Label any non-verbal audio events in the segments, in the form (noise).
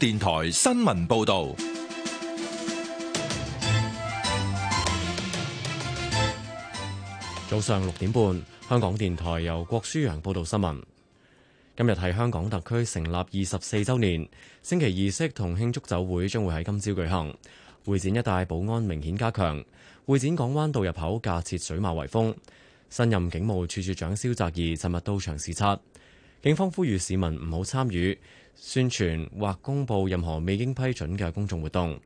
電台新聞報道，早上六點半，香港電台由郭書洋報道新聞。今日係香港特區成立二十四周年，升旗儀式同慶祝酒會將會喺今朝舉行。會展一帶保安明顯加強，會展港灣道入口架設水馬圍封。新任警務處處長蕭澤頤尋日到場視察，警方呼籲市民唔好參與。宣傳或公布任何未經批准嘅公眾活動。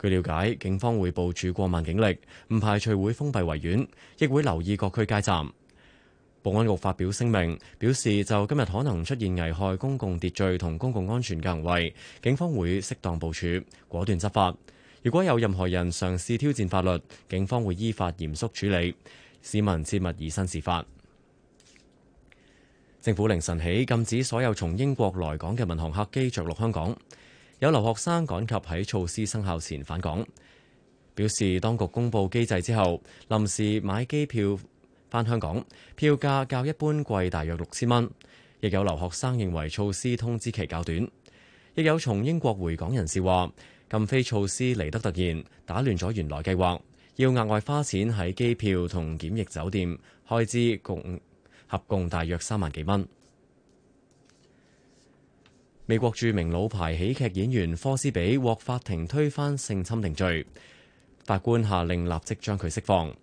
據了解，警方會部署過萬警力，唔排除會封閉維園，亦會留意各區街站。保安局發表聲明，表示就今日可能出現危害公共秩序同公共安全嘅行為，警方會適當部署，果斷執法。如果有任何人嘗試挑戰法律，警方會依法嚴肅處理。市民切勿以身試法。政府凌晨起禁止所有從英國來港嘅民航客機着陸香港，有留學生趕及喺措施生效前返港，表示當局公布機制之後臨時買機票返香港，票價較一般貴大約六千蚊。亦有留學生認為措施通知期較短，亦有從英國回港人士話禁飛措施嚟得突然，打亂咗原來計劃，要額外花錢喺機票同檢疫酒店開支共。合共大約三萬幾蚊。美國著名老牌喜劇演員科斯比獲法庭推翻性侵定罪，法官下令立即將佢釋放。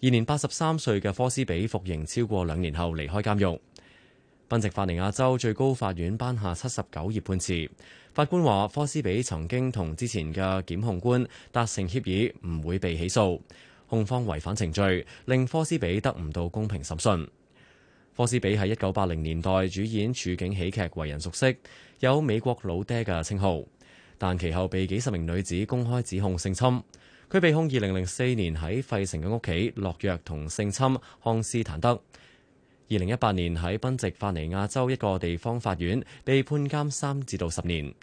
現年八十三歲嘅科斯比服刑超過兩年後離開監獄。賓夕法尼亞州最高法院頒下七十九頁判詞，法官話：科斯比曾經同之前嘅檢控官達成協議，唔會被起訴。控方違反程序，令科斯比得唔到公平審訊。科斯比喺一九八零年代主演處境喜劇，為人熟悉，有美國老爹嘅稱號。但其後被幾十名女子公開指控性侵。佢被控二零零四年喺費城嘅屋企落藥同性侵康斯坦德。二零一八年喺賓夕法尼亞州一個地方法院被判監三至到十年。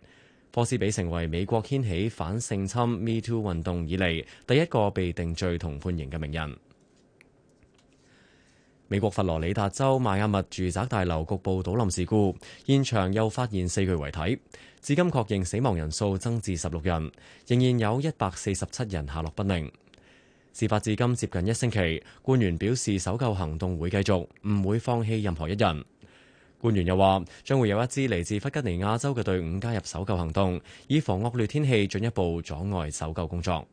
科斯比成為美國掀起反性侵 Me Too 運動以嚟第一個被定罪同判刑嘅名人。美國佛羅里達州邁阿密住宅大樓局部倒冧事故，現場又發現四具遺體，至今確認死亡人數增至十六人，仍然有一百四十七人下落不明。事發至今接近一星期，官員表示搜救行動會繼續，唔會放棄任何一人。官員又話，將會有一支嚟自弗吉尼亞州嘅隊伍加入搜救行動，以防惡劣天氣進一步阻礙搜救工作。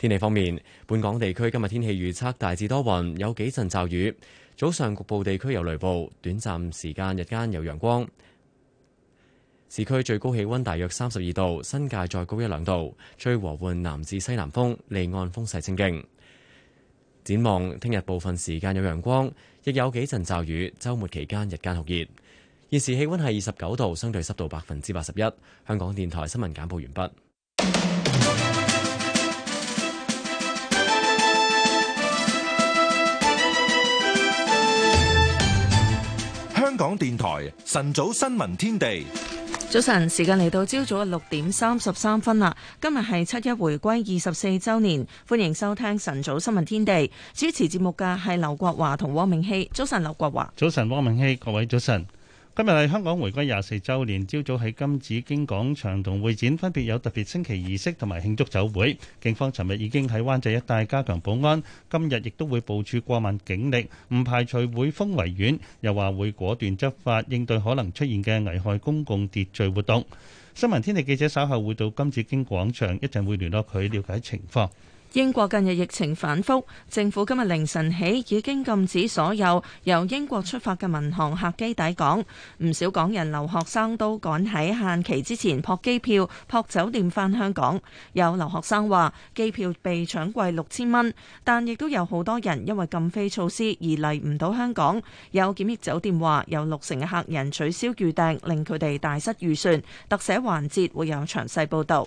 天氣方面，本港地區今日天氣預測大致多雲，有幾陣驟雨，早上局部地區有雷暴，短暫時間日間有陽光。市區最高氣溫大約三十二度，新界再高一兩度。吹和緩南至西南風，離岸風勢清勁。展望聽日部分時間有陽光，亦有幾陣驟雨。周末期間日間酷熱，現時氣溫係二十九度，相對濕度百分之八十一。香港電台新聞簡報完畢。港電台晨早新聞天地，早晨，時間嚟到朝早六點三十三分啦。今日係七一回歸二十四周年，歡迎收聽晨早新聞天地。主持節目嘅係劉國華同汪明熙。早晨，劉國華。早晨，汪明熙。各位早晨。今日係香港回歸廿四週年，朝早喺金紫荊廣場同會展分別有特別升旗儀式同埋慶祝酒會。警方尋日已經喺灣仔一帶加強保安，今日亦都會部署過萬警力，唔排除會封圍院，又話會果斷執法，應對可能出現嘅危害公共秩序活動。新聞天地記者稍後會到金紫荊廣場，一陣會聯絡佢了解情況。英國近日疫情反覆，政府今日凌晨起已經禁止所有由英國出發嘅民航客機抵港。唔少港人留學生都趕喺限期之前撲機票、撲酒店返香港。有留學生話機票被搶貴六千蚊，但亦都有好多人因為禁飛措施而嚟唔到香港。有檢疫酒店話有六成嘅客人取消預訂，令佢哋大失預算。特寫環節會有詳細報導。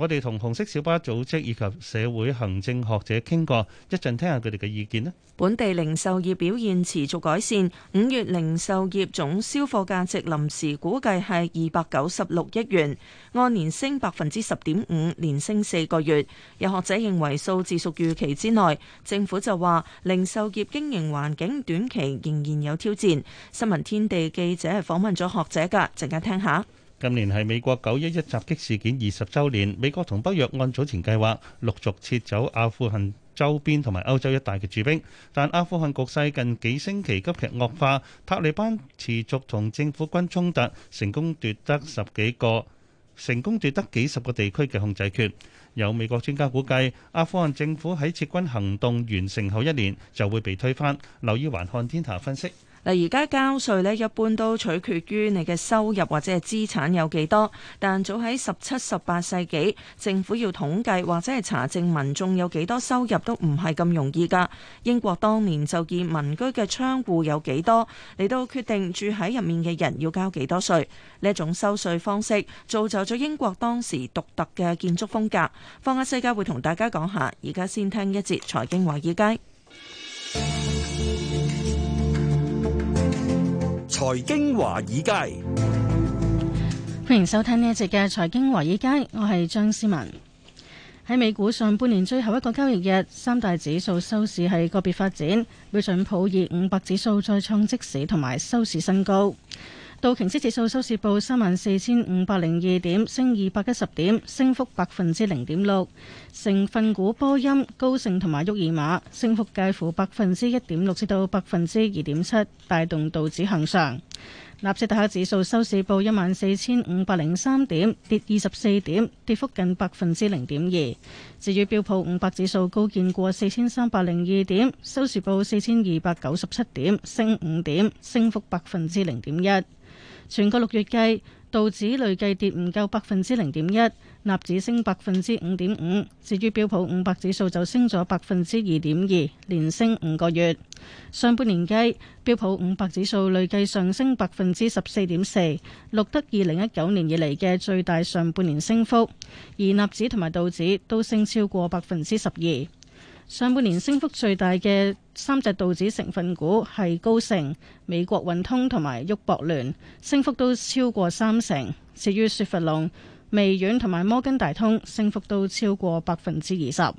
我哋同紅色小巴組織以及社會行政學者傾過，一陣聽下佢哋嘅意見呢。本地零售業表現持續改善，五月零售業總銷貨價值臨時估計係二百九十六億元，按年升百分之十點五，連升四個月。有學者認為數字屬預期之內，政府就話零售業經營環境短期仍然有挑戰。新聞天地記者係訪問咗學者㗎，陣間聽下。今年係美國911襲擊事件二十週年，美國同北約按早前計劃，陸續撤走阿富汗周邊同埋歐洲一帶嘅駐兵。但阿富汗局勢近幾星期急劇惡化，塔利班持續同政府軍衝突，成功奪得十幾個成功奪得幾十個地區嘅控制權。有美國專家估計，阿富汗政府喺撤軍行動完成後一年就會被推翻。留意環看天下分析。嗱，而家交稅呢，一般都取決於你嘅收入或者係資產有幾多。但早喺十七、十八世紀，政府要統計或者係查證民眾有幾多收入都唔係咁容易㗎。英國當年就以民居嘅窗戶有幾多嚟到決定住喺入面嘅人要交幾多稅。呢一種收稅方式，造就咗英國當時獨特嘅建築風格。放下世界會同大家講下，而家先聽一節財經話事街。財經華爾街，歡迎收聽呢一節嘅財經華爾街，我係張思文。喺美股上半年最後一個交易日，三大指數收市係個別發展，標準普爾五百指數再創即市同埋收市新高。道瓊斯指數收市報三萬四千五百零二點，升二百一十點，升幅百分之零點六。成分股波音、高盛同埋沃爾瑪升幅介乎百分之一點六至到百分之二點七，帶動道指向上。納斯達克指數收市報一萬四千五百零三點，跌二十四點，跌幅近百分之零點二。至於標普五百指數高見過四千三百零二點，收市報四千二百九十七點，升五點，升幅百分之零點一。全個六月計，道指累計跌唔夠百分之零點一，納指升百分之五點五，至於標普五百指數就升咗百分之二點二，連升五個月。上半年計，標普五百指數累計上升百分之十四點四，錄得二零一九年以嚟嘅最大上半年升幅，而納指同埋道指都升超過百分之十二。上半年升幅最大嘅三隻道指成分股係高盛、美國運通同埋沃博聯，升幅都超過三成。至於雪佛龍、微軟同埋摩根大通，升幅都超過百分之二十。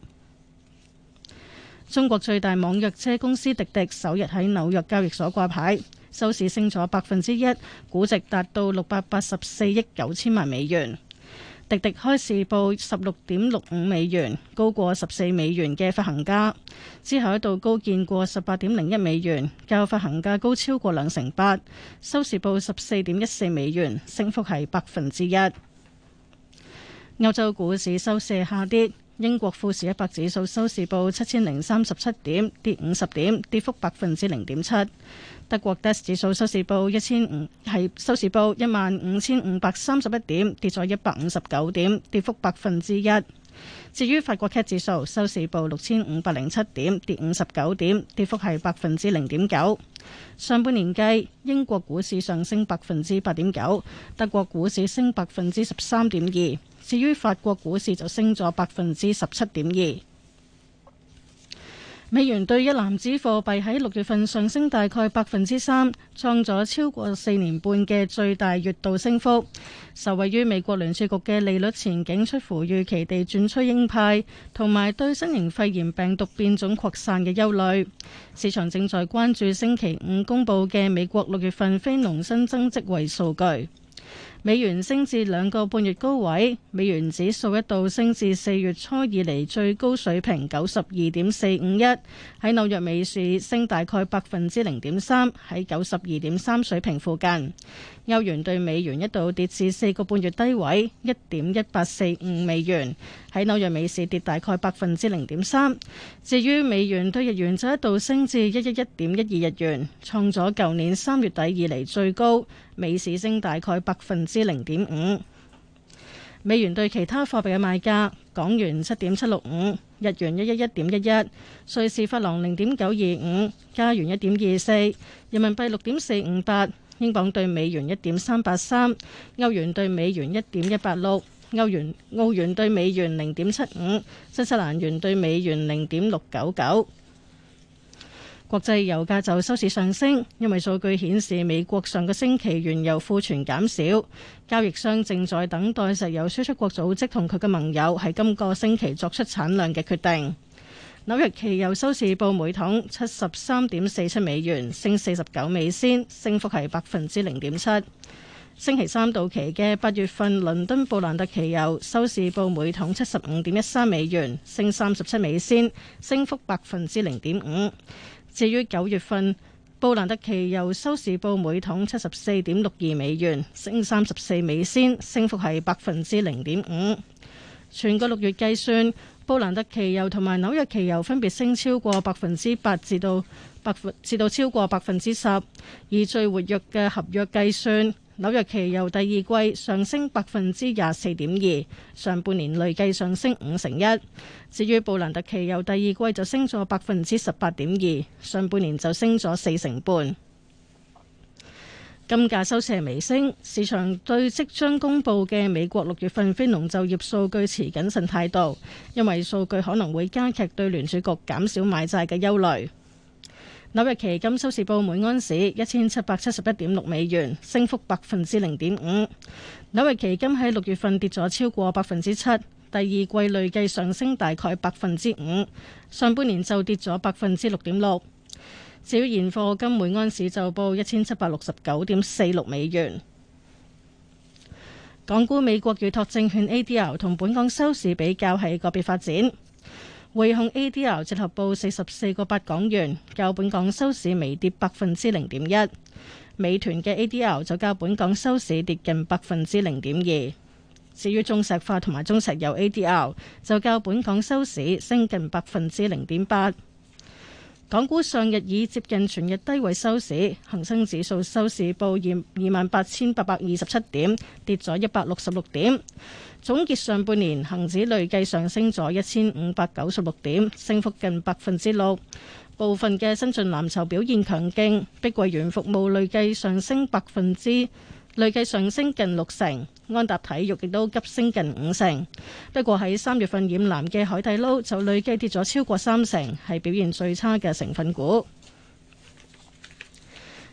中國最大網約車公司滴滴首日喺紐約交易所掛牌，收市升咗百分之一，估值達到六百八十四億九千萬美元。滴滴開市報十六點六五美元，高過十四美元嘅發行價，之後一度高見過十八點零一美元，較發行價高超過兩成八。收市報十四點一四美元，升幅係百分之一。歐洲股市收市下跌。英國富時一百指數收市報七千零三十七點，跌五十點，跌幅百分之零點七。德國 DAX 指數收市報一千五係收市報一萬五千五百三十一點，跌咗一百五十九點，跌幅百分之一。至於法國 CAC 指數收市報六千五百零七點，跌五十九點，跌幅係百分之零點九。上半年計，英國股市上升百分之八點九，德國股市升百分之十三點二，至於法國股市就升咗百分之十七點二。美元兌一籃子貨幣喺六月份上升大概百分之三，創咗超過四年半嘅最大月度升幅。受惠於美國聯儲局嘅利率前景出乎預期地轉趨鷹派，同埋對新型肺炎病毒變種擴散嘅憂慮，市場正在關注星期五公佈嘅美國六月份非農新增職位數據。美元升至兩個半月高位，美元指數一度升至四月初以嚟最高水平九十二點四五一，喺紐約美市升大概百分之零點三，喺九十二點三水平附近。歐元對美元一度跌至四個半月低位，一點一八四五美元，喺紐約美市跌大概百分之零點三。至於美元對日元就一度升至一一一點一二日元，創咗舊年三月底以嚟最高，美市升大概百分之零點五。美元對其他貨幣嘅賣價：港元七點七六五，日元一一一點一一，瑞士法郎零點九二五，加元一點二四，人民幣六點四五八。英鎊對美元一點三八三，歐元對美元一點一八六，歐元澳元對美元零點七五，新西蘭元對美元零點六九九。國際油價就收市上升，因為數據顯示美國上個星期原油庫存減少。交易商正在等待石油輸出國組織同佢嘅盟友喺今個星期作出產量嘅決定。紐約期油收市報每桶七十三點四七美元，升四十九美仙，升幅係百分之零點七。星期三到期嘅八月份倫敦布蘭特期油收市報每桶七十五點一三美元，升三十七美仙，升幅百分之零點五。至於九月份布蘭特期油收市報每桶七十四點六二美元，升三十四美仙，升幅係百分之零點五。全個六月計算，布蘭特期油同埋紐約期油分別升超過百分之八至到百分至到超過百分之十，以最活躍嘅合約計算，紐約期油第二季上升百分之廿四點二，上半年累計上升五成一。至於布蘭特期油第二季就升咗百分之十八點二，上半年就升咗四成半。金價收市微升，市場對即將公布嘅美國六月份非農就業數據持謹慎態度，因為數據可能會加劇對聯儲局減少買債嘅憂慮。紐約期金收市報每安士一千七百七十一點六美元，升幅百分之零點五。紐約期金喺六月份跌咗超過百分之七，第二季累計上升大概百分之五，上半年就跌咗百分之六點六。至於現貨金，每盎司就報一千七百六十九點四六美元。港股美國預託證券 ADR 同本港收市比較係個別發展。匯控 ADR 折合報四十四個八港元，較本港收市微跌百分之零點一。美團嘅 ADR 就較本港收市跌近百分之零點二。至於中石化同埋中石油 ADR 就較本港收市升近百分之零點八。港股上日已接近全日低位收市，恒生指數收市報二二萬八千八百二十七點，跌咗一百六十六點。總結上半年，恒指累計上升咗一千五百九十六點，升幅近百分之六。部分嘅新進藍籌表現強勁，碧桂園服務累計上升百分之。累計上升近六成，安踏體育亦都急升近五成。不過喺三月份染藍嘅海底撈就累計跌咗超過三成，係表現最差嘅成分股。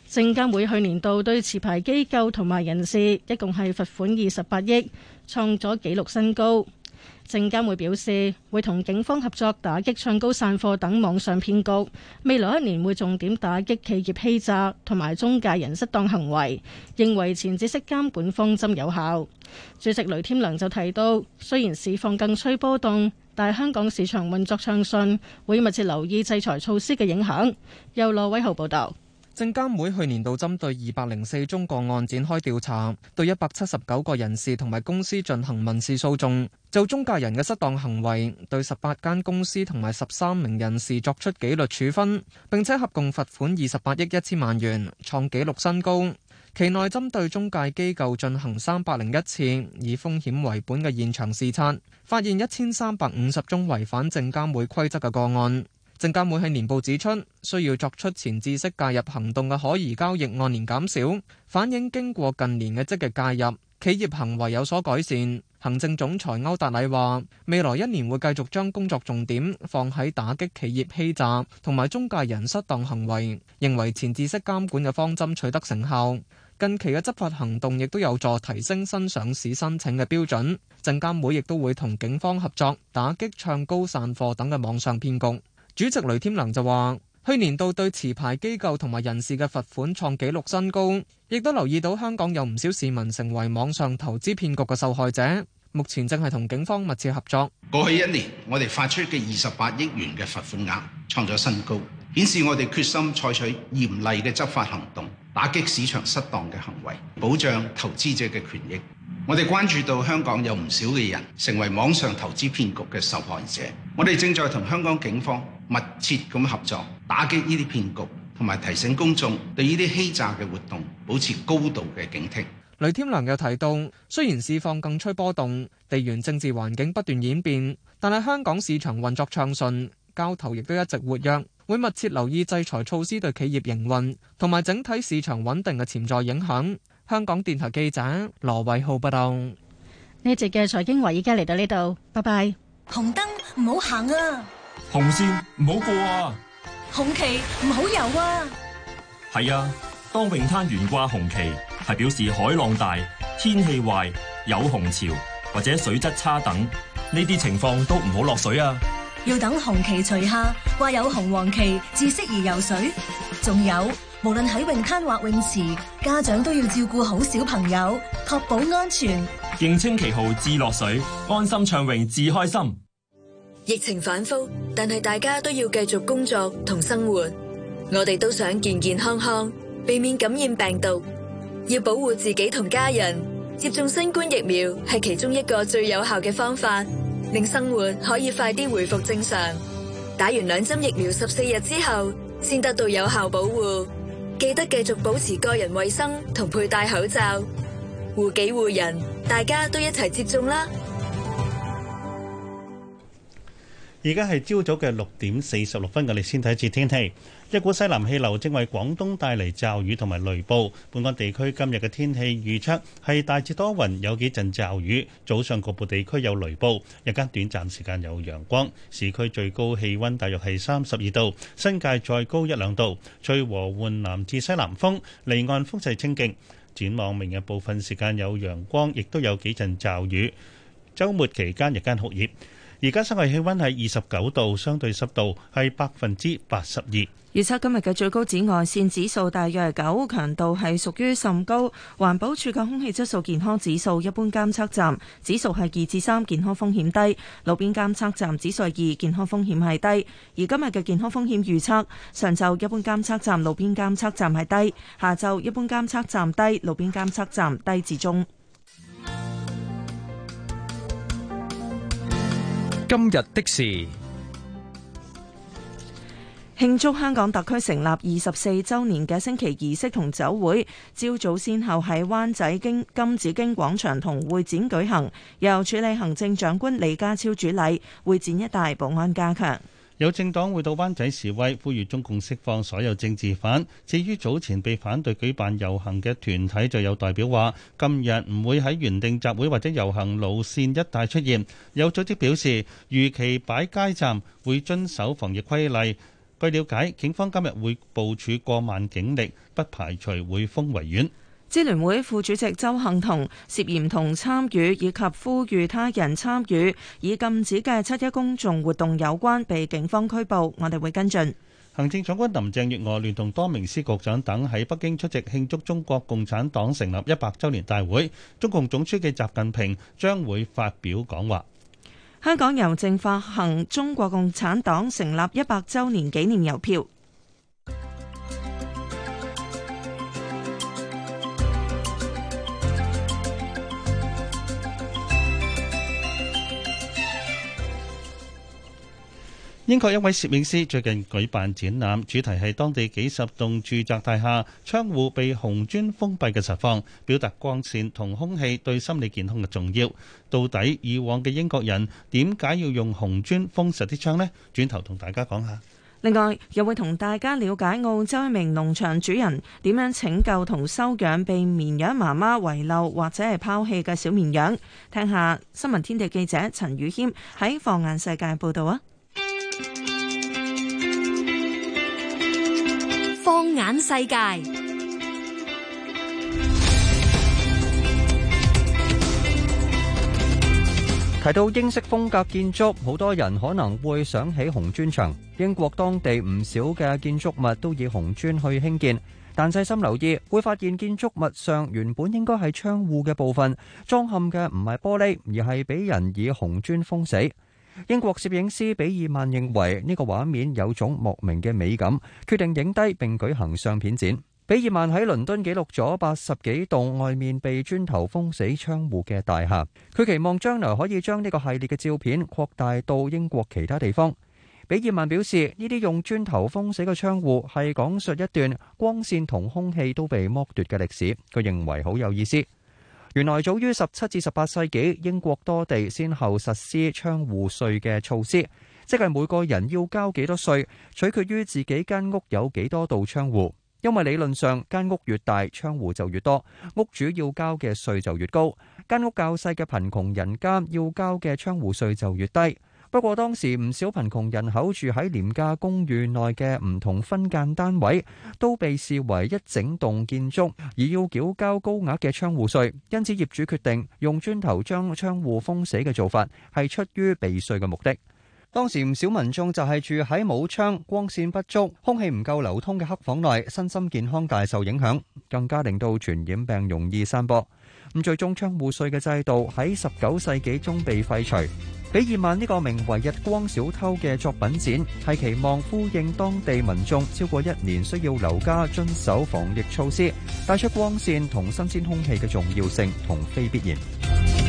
證監會去年度對持牌機構同埋人士一共係罰款二十八億，創咗紀錄新高。證監會表示，會同警方合作打擊唱高散貨等網上騙局，未來一年會重點打擊企業欺詐同埋中介人失當行為，認為前置式監管方針有效。主席雷天良就提到，雖然市況更趨波動，但香港市場運作暢順，會密切留意制裁措施嘅影響。由羅偉豪報道。證監會去年度針對二百零四宗個案展開調查，對一百七十九個人士同埋公司進行民事訴訟，就中介人嘅失當行為，對十八間公司同埋十三名人士作出紀律處分，並且合共罰款二十八億一千萬元，創紀錄新高。期內針對中介機構進行三百零一次以風險為本嘅現場視察，發現一千三百五十宗違反證監會規則嘅個案。證監會喺年報指出，需要作出前置式介入行動嘅可疑交易按年減少，反映經過近年嘅積極介入，企業行為有所改善。行政總裁歐達禮話，未來一年會繼續將工作重點放喺打擊企業欺詐同埋中介人失當行為，認為前置式監管嘅方針取得成效。近期嘅執法行動亦都有助提升新上市申請嘅標準。證監會亦都會同警方合作，打擊唱高散貨等嘅網上騙局。主席雷添良就話：去年度對持牌機構同埋人士嘅罰款創紀錄新高，亦都留意到香港有唔少市民成為網上投資騙局嘅受害者。目前正係同警方密切合作。過去一年，我哋發出嘅二十八億元嘅罰款額創咗新高，顯示我哋決心採取嚴厲嘅執法行動，打擊市場失當嘅行為，保障投資者嘅權益。我哋關注到香港有唔少嘅人成為網上投資騙局嘅受害者，我哋正在同香港警方。密切咁合作，打擊呢啲騙局，同埋提醒公眾對呢啲欺詐嘅活動保持高度嘅警惕。雷添良又提到，雖然市況更趨波動，地緣政治環境不斷演變，但係香港市場運作暢順，交投亦都一直活躍。會密切留意制裁措施對企業營運同埋整體市場穩定嘅潛在影響。香港電台記者羅偉浩報道。呢集嘅財經話已經嚟到呢度，拜拜。紅燈唔好行啊！紅線唔好過啊！紅旗唔好游啊！係啊，當泳灘懸掛紅旗，係表示海浪大、天氣壞、有紅潮或者水質差等，呢啲情況都唔好落水啊！要等紅旗除下，掛有紅黃旗，至適宜游水。仲有，無論喺泳灘或泳池，家長都要照顧好小朋友，確保安全。認清旗號至落水，安心暢泳至開心。疫情反覆，但係大家都要繼續工作同生活。我哋都想健健康康，避免感染病毒。要保護自己同家人，接種新冠疫苗係其中一個最有效嘅方法，令生活可以快啲回復正常。打完兩針疫苗十四日之後，先得到有效保護。記得繼續保持個人衛生同佩戴口罩，護己護人，大家都一齊接種啦！而家係朝早嘅六點四十六分，我哋先睇一次天氣。一股西南氣流正為廣東帶嚟驟雨同埋雷暴。本港地區今日嘅天氣預測係大致多雲，有幾陣驟雨，早上局部地區有雷暴，日間短暫時間有陽光。市區最高氣溫大約係三十二度，新界再高一兩度。吹和緩南至西南風，離岸風勢清勁。展望明日部分時間有陽光，亦都有幾陣驟雨。週末期間日間酷熱。而家室外氣溫係二十九度，相對濕度係百分之八十二。預測今日嘅最高紫外綫指數大約係九，強度係屬於甚高。環保署嘅空氣質素健康指數一般監測站指數係二至三，健康風險低；路邊監測站指數二，健康風險係低。而今日嘅健康風險預測，上晝一般監測站、路邊監測站係低，下晝一般監測站低，路邊監測站低至中。今日的事，慶祝香港特區成立二十四周年嘅升旗儀式同酒會，朝早先後喺灣仔經金紫荊廣場同會展舉行，由處理行政長官李家超主禮，會展一帶保安加強。有政黨會到灣仔示威，呼籲中共釋放所有政治犯。至於早前被反對舉辦遊行嘅團體，就有代表話，今日唔會喺原定集會或者遊行路線一帶出現。有組織表示，如期擺街站會遵守防疫規例。據了解，警方今日會部署過萬警力，不排除會封圍院。支聯會副主席鄒幸彤涉嫌同參與以及呼籲他人參與已禁止嘅七一公眾活動有關，被警方拘捕。我哋會跟進。行政長官林鄭月娥聯同多名司局長等喺北京出席慶祝中國共產黨成立一百週年大會，中共總書記習近平將會發表講話。香港郵政發行中國共產黨成立一百週年紀念郵票。英國一位攝影師最近舉辦展覽，主題係當地幾十棟住宅大廈窗戶被紅磚封閉嘅實況，表達光線同空氣對心理健康嘅重要。到底以往嘅英國人點解要用紅磚封實啲窗呢？轉頭同大家講下。另外又會同大家了解澳洲一名農場主人點樣拯救同收養被綿羊媽媽遺漏或者係拋棄嘅小綿羊。聽下新聞天地記者陳宇謙喺放眼世界報道啊！放眼世界，提到英式風格建築，好多人可能會想起紅磚牆。英國當地唔少嘅建築物都以紅磚去興建，但細心留意會發現，建築物上原本應該係窗戶嘅部分，裝嵌嘅唔係玻璃，而係俾人以紅磚封死。英國攝影師比爾曼認為呢個畫面有種莫名嘅美感，決定影低並舉行相片展。比爾曼喺倫敦記錄咗八十幾棟外面被磚頭封死窗戶嘅大廈。佢期望將來可以將呢個系列嘅照片擴大到英國其他地方。比爾曼表示，呢啲用磚頭封死嘅窗戶係講述一段光線同空氣都被剝奪嘅歷史。佢認為好有意思。原來早於十七至十八世紀，英國多地先後實施窗戶稅嘅措施，即係每個人要交幾多稅，取決於自己間屋有幾多道窗戶。因為理論上間屋越大，窗戶就越多，屋主要交嘅稅就越高；間屋較細嘅貧窮人家要交嘅窗戶稅就越低。不過當時唔少貧窮人口住喺廉價公寓內嘅唔同分間單位，都被視為一整棟建築，而要繳交高額嘅窗戶稅。因此業主決定用磚頭將窗戶封死嘅做法，係出於避稅嘅目的。當時唔少民眾就係住喺冇窗、光線不足、空氣唔夠流通嘅黑房內，身心健康大受影響，更加令到傳染病容易散播。咁最終窗戶稅嘅制度喺十九世紀中被廢除。比爾曼呢個名為《日光小偷》嘅作品展，係期望呼應當地民眾超過一年需要留家遵守防疫措施，帶出光綫同新鮮空氣嘅重要性同非必然。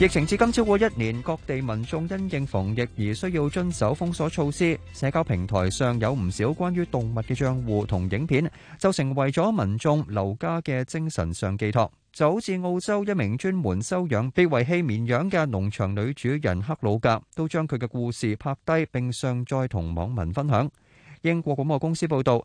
疫情至今超過一年，各地民眾因應防疫而需要遵守封鎖措施，社交平台上有唔少關於動物嘅賬戶同影片，就成為咗民眾留家嘅精神上寄託。就好似澳洲一名專門收養被遺棄綿羊嘅農場女主人克魯格，都將佢嘅故事拍低並上載同網民分享。英國廣播公司報導。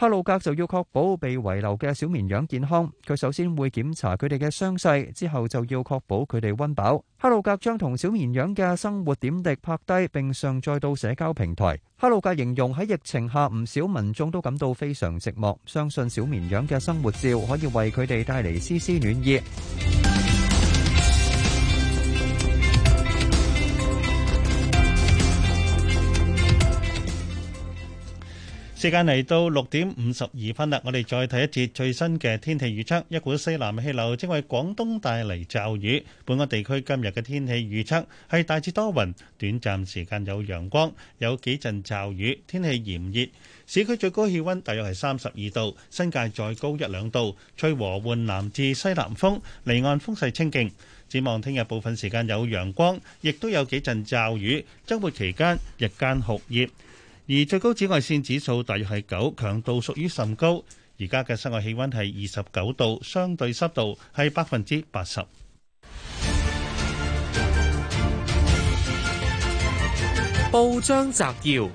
哈路格就要確保被遺留嘅小綿羊健康，佢首先會檢查佢哋嘅傷勢，之後就要確保佢哋溫飽。哈路格將同小綿羊嘅生活點滴拍低並上載到社交平台。哈路格形容喺疫情下唔少民眾都感到非常寂寞，相信小綿羊嘅生活照可以為佢哋帶嚟絲絲暖意。時間嚟到六點五十二分啦，我哋再睇一節最新嘅天氣預測。一股西南氣流正為廣東帶嚟驟雨。本港地區今日嘅天氣預測係大致多雲，短暫時間有陽光，有幾陣驟雨，天氣炎熱。市區最高氣温大約係三十二度，新界再高一兩度。吹和緩南至西南風，離岸風勢清勁。展望聽日部分時間有陽光，亦都有幾陣驟雨。週末期間日間酷熱。而最高紫外線指數大約係九，強度屬於甚高。而家嘅室外氣溫係二十九度，相對濕度係百分之八十。報章摘要：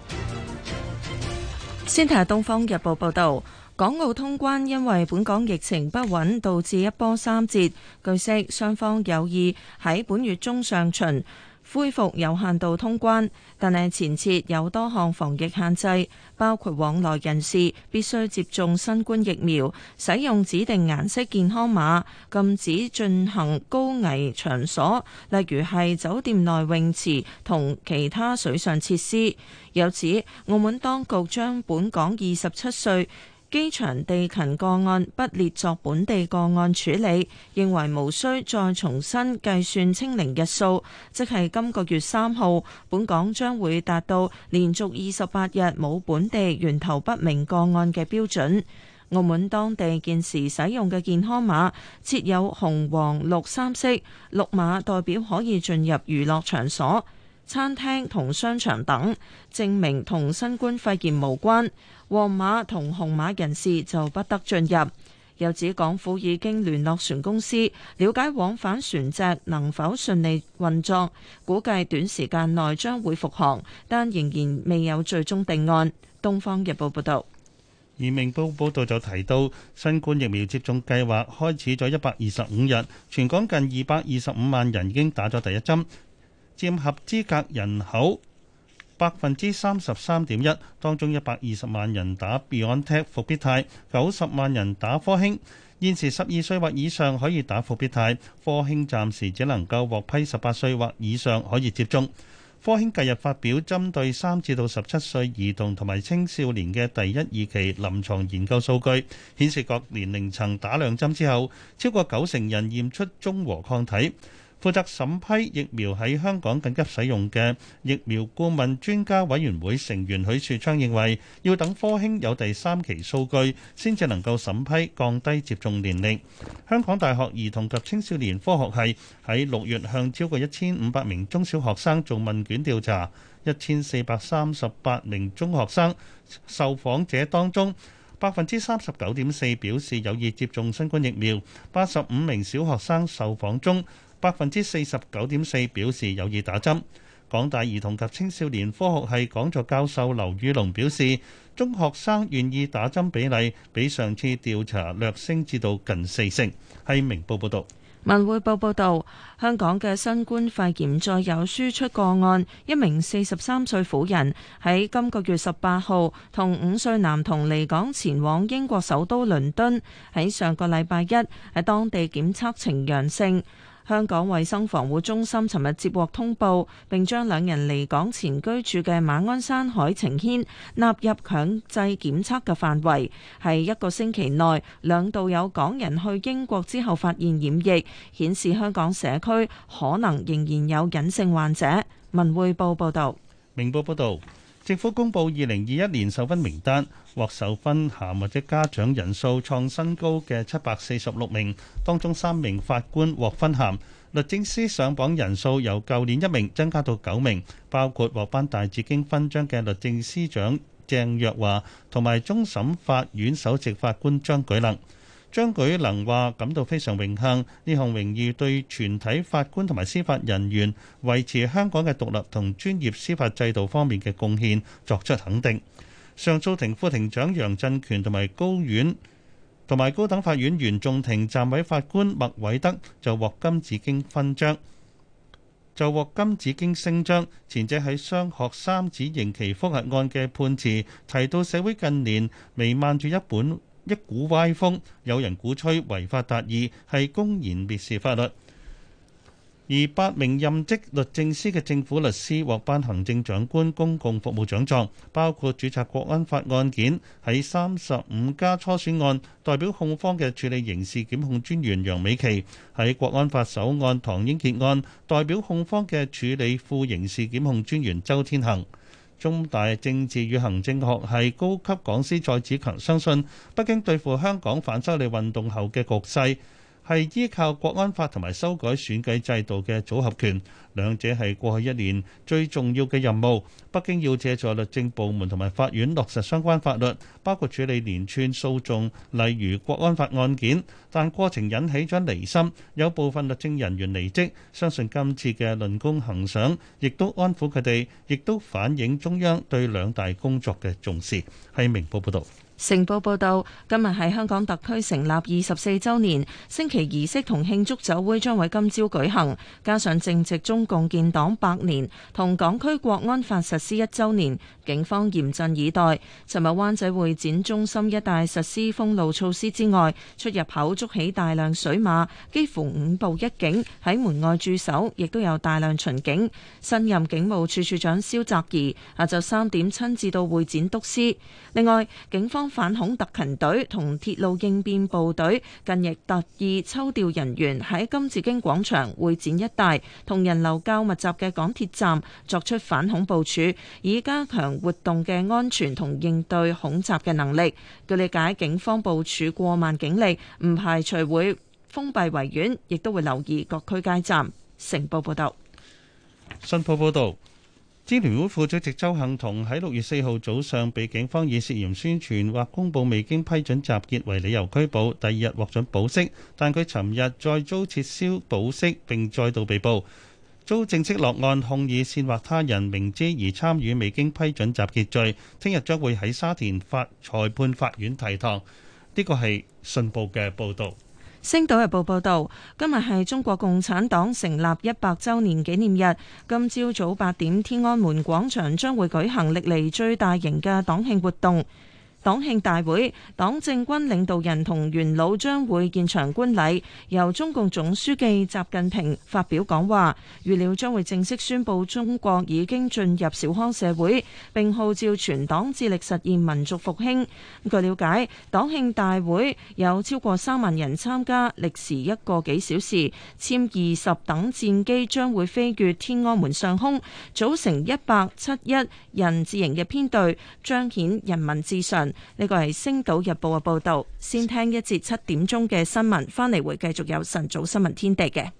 先睇下《東方日報》報導，港澳通關因為本港疫情不穩，導致一波三折。據悉，雙方有意喺本月中上旬。恢復有限度通關，但係前設有多項防疫限制，包括往來人士必須接種新冠疫苗、使用指定顏色健康碼、禁止進行高危場所，例如係酒店內泳池同其他水上設施。有指，澳門當局將本港二十七歲。機場地勤個案不列作本地個案處理，認為無需再重新計算清零日數，即係今個月三號，本港將會達到連續二十八日冇本地源頭不明個案嘅標準。澳門當地現時使用嘅健康碼設有紅、黃、綠三色，綠碼代表可以進入娛樂場所。餐廳同商場等，證明同新冠肺炎無關。黃碼同紅碼人士就不得進入。又指港府已經聯絡船公司，了解往返船隻能否順利運作，估計短時間內將會復航，但仍然未有最終定案。《東方日報》報導，而《明報》報導就提到，新冠疫苗接種計劃開始咗一百二十五日，全港近二百二十五萬人已經打咗第一針。佔合資格人口百分之三十三點一，當中一百二十萬人打 BioNTech 復必泰，九十萬人打科興。現時十二歲或以上可以打復必泰，科興暫時只能夠獲批十八歲或以上可以接種。科興近日發表針對三至到十七歲兒童同埋青少年嘅第一二期臨床研究數據，顯示各年齡層打兩針之後，超過九成人驗出中和抗體。負責審批疫苗喺香港緊急使用嘅疫苗顧問專家委員會成員許樹昌認為，要等科興有第三期數據先至能夠審批降低接種年齡。香港大學兒童及青少年科學系喺六月向超過一千五百名中小學生做問卷調查，一千四百三十八名中學生受訪者當中，百分之三十九點四表示有意接種新冠疫苗，八十五名小學生受訪中。百分之四十九點四表示有意打針。港大兒童及青少年科學系講座教授劉宇龍表示，中學生願意打針比例比上次調查略升至到近四成。係明報報導，《文匯報》報道，香港嘅新冠肺炎再有輸出個案，一名四十三歲婦人喺今個月十八號同五歲男童離港前往英國首都倫敦，喺上個禮拜一喺當地檢測呈陽性。香港衛生防護中心尋日接獲通報，並將兩人離港前居住嘅馬鞍山海晴軒納入強制檢測嘅範圍。喺一個星期內，兩度有港人去英國之後發現染疫，顯示香港社區可能仍然有隱性患者。文匯報報道。明報報導。政府公布二零二一年授勳名單，獲授勳銜或者嘉獎人數創新高嘅七百四十六名，當中三名法官獲勳銜，律政司上榜人數由舊年一名增加到九名，包括獲頒大紫荊勳章嘅律政司長鄭若驊，同埋終審法院首席法官張舉能。張舉能話感到非常榮幸，呢項榮譽對全體法官同埋司法人員維持香港嘅獨立同專業司法制度方面嘅貢獻作出肯定。上訴庭副庭長楊振權同埋高院同埋高等法院原訟庭暫委法官麥偉德就獲金紫荊勳章，就獲金紫荊星章。前者喺雙學三子刑期覆核案嘅判詞提到，社會近年瀰漫住一本。一股歪風，有人鼓吹違法達義，係公然蔑視法律。而八名任職律政司嘅政府律師獲頒行政長官公共服務獎狀，包括注冊國安法案件，喺三十五家初選案代表控方嘅處理刑事檢控專員楊美琪，喺國安法首案唐英傑案代表控方嘅處理副刑事檢控專員周天恒。中大政治與行政學系高級講師蔡子強相信，北京對付香港反修例運動後嘅局勢，係依靠國安法同埋修改選舉制度嘅組合拳，兩者係過去一年最重要嘅任務。北京要借助律政部門同埋法院落實相關法律，包括處理連串訴訟，例如國安法案件。但過程引起咗離心，有部分律政人員離職。相信今次嘅論功行賞，亦都安撫佢哋，亦都反映中央對兩大工作嘅重視。係明報報道。成報報導，今日係香港特區成立二十四週年，升旗儀式同慶祝酒會將會今朝舉行。加上正值中共建黨百年同港區國安法實施一週年，警方嚴陣以待。尋日灣仔會展中心一帶實施封路措施之外，出入口築起大量水馬，幾乎五步一警，喺門外駐守，亦都有大量巡警。新任警務處處長蕭澤頤下晝三點親自到會展督師。另外，警方，反恐特勤隊同鐵路應變部隊近日特意抽調人員喺金紫荊廣場會展一帶同人流較密集嘅港鐵站作出反恐部署，以加強活動嘅安全同應對恐襲嘅能力。據理解，警方部署過萬警力，唔排除會封閉圍院，亦都會留意各區街站。成報報道，新報報道。支聯會副主席周幸彤喺六月四號早上被警方以涉嫌宣傳或公布未經批准集結為理由拘捕，第二日獲准保釋，但佢尋日再遭撤銷保釋，並再度被捕，遭正式落案控以煽惑他人明知而參與未經批准集結罪，聽日將會喺沙田法裁判法院提堂。呢個係信報嘅報道。星島日報報道，今日係中國共產黨成立一百周年紀念日。今朝早八點，天安門廣場將會舉行歷嚟最大型嘅黨慶活動。黨慶大會，黨政軍領導人同元老將會現場觀禮，由中共總書記習近平發表講話，預料將會正式宣布中國已經進入小康社會，並號召全黨致力實現民族復興。據了解，黨慶大會有超過三萬人參加，歷時一個幾小時，殲二十等戰機將會飛越天安門上空，組成一百七一人字形嘅編隊，彰顯人民自信。呢個係《星島日報》嘅報道。先聽一節七點鐘嘅新聞，翻嚟會繼續有晨早新聞天地嘅。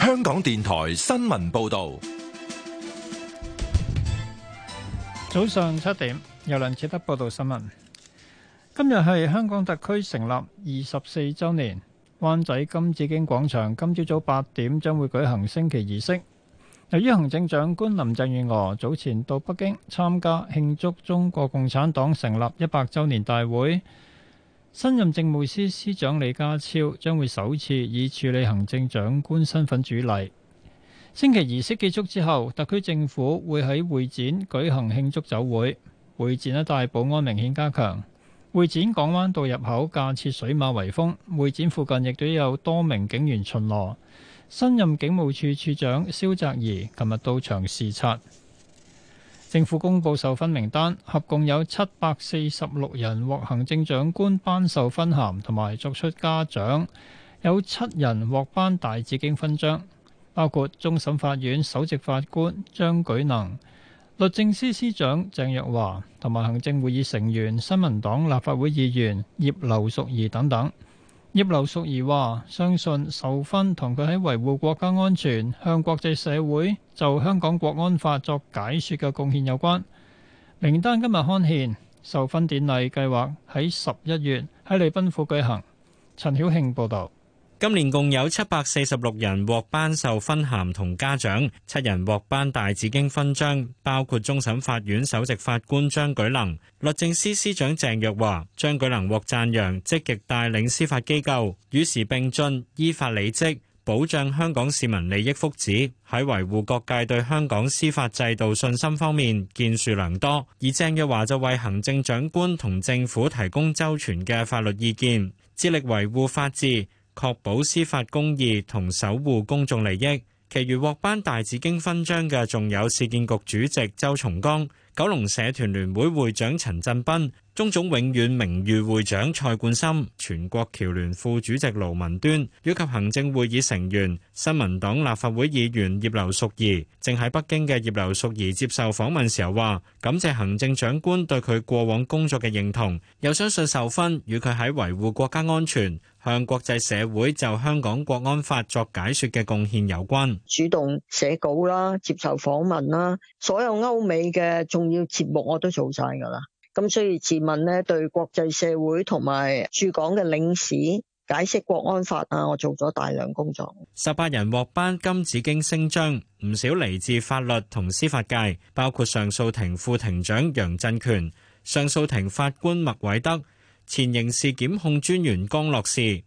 香港電台新聞報道。早上七點，由梁志德報道新聞。今日係香港特區成立二十四週年，灣仔金紫荊廣場今朝早八點將會舉行升旗儀式。由於行政長官林鄭月娥早前到北京參加慶祝中國共產黨成立一百週年大會，新任政務司司長李家超將會首次以署理行政長官身份主禮。星期儀式結束之後，特區政府會喺會展舉行慶祝酒會。會展一帶保安明顯加強，會展港灣道入口架設水馬圍封，會展附近亦都有多名警員巡邏。新任警務處處長蕭澤頤琴日到場視察。政府公布授勳名單，合共有七百四十六人獲行政長官頒授勳銜同埋作出嘉獎，有七人獲頒大紫荊勳章。包括終審法院首席法官張舉能、律政司司長鄭若驊同埋行政會議成員、新民黨立法會議員葉劉淑儀等等。葉劉淑儀話：相信授勳同佢喺維護國家安全、向國際社會就香港國安法作解說嘅貢獻有關。名單今日刊憲，授勳典禮計劃喺十一月喺禮賓府舉行。陳曉慶報導。今年共有746人獲頒授勳銜同嘉獎 ,7 人獲頒大紫荊勳章，包括終審法院首席法官張舉能，律政司司長鄭若驊。張舉能獲讚揚，積極帶領司法機構，與時並進，依法理職，保障香港市民利益福祉，在維護各界對香港司法制度信心方面，建樹良多。而鄭若驊就為行政長官同政府提供周全的法律意見，致力維護法治，確保司法公義同守護公眾利益。其餘獲頒大紫荊勳章嘅，仲有市建局主席周松崗、九龍社團聯會會長陳振斌、中總永遠名譽會長蔡冠深、全國僑聯副主席盧文端，以及行政會議成員、新民黨立法會議員葉劉淑儀。正喺北京嘅葉劉淑儀接受訪問時候話：感謝行政長官對佢過往工作嘅認同，又相信授勳與佢喺維護國家安全，向國際社會就香港國安法作解説嘅貢獻有關，主動寫稿啦，接受訪問啦，所有歐美嘅重要節目我都做曬㗎喇。咁所以自問呢，對國際社會同埋駐港嘅領事解釋國安法啊，我做咗大量工作。十八人獲頒金紫荊星章，唔少嚟自法律同司法界，包括上訴庭副庭長楊振權、上訴庭法官麥偉德。前刑事檢控專員江樂士。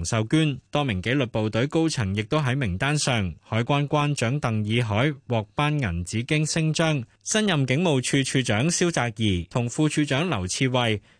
洪秀娟，多名紀律部隊高層亦都喺名單上，海關關長鄧以海獲頒銀紫荊星章，新任警務處處長蕭澤頤同副處長劉賜蕙。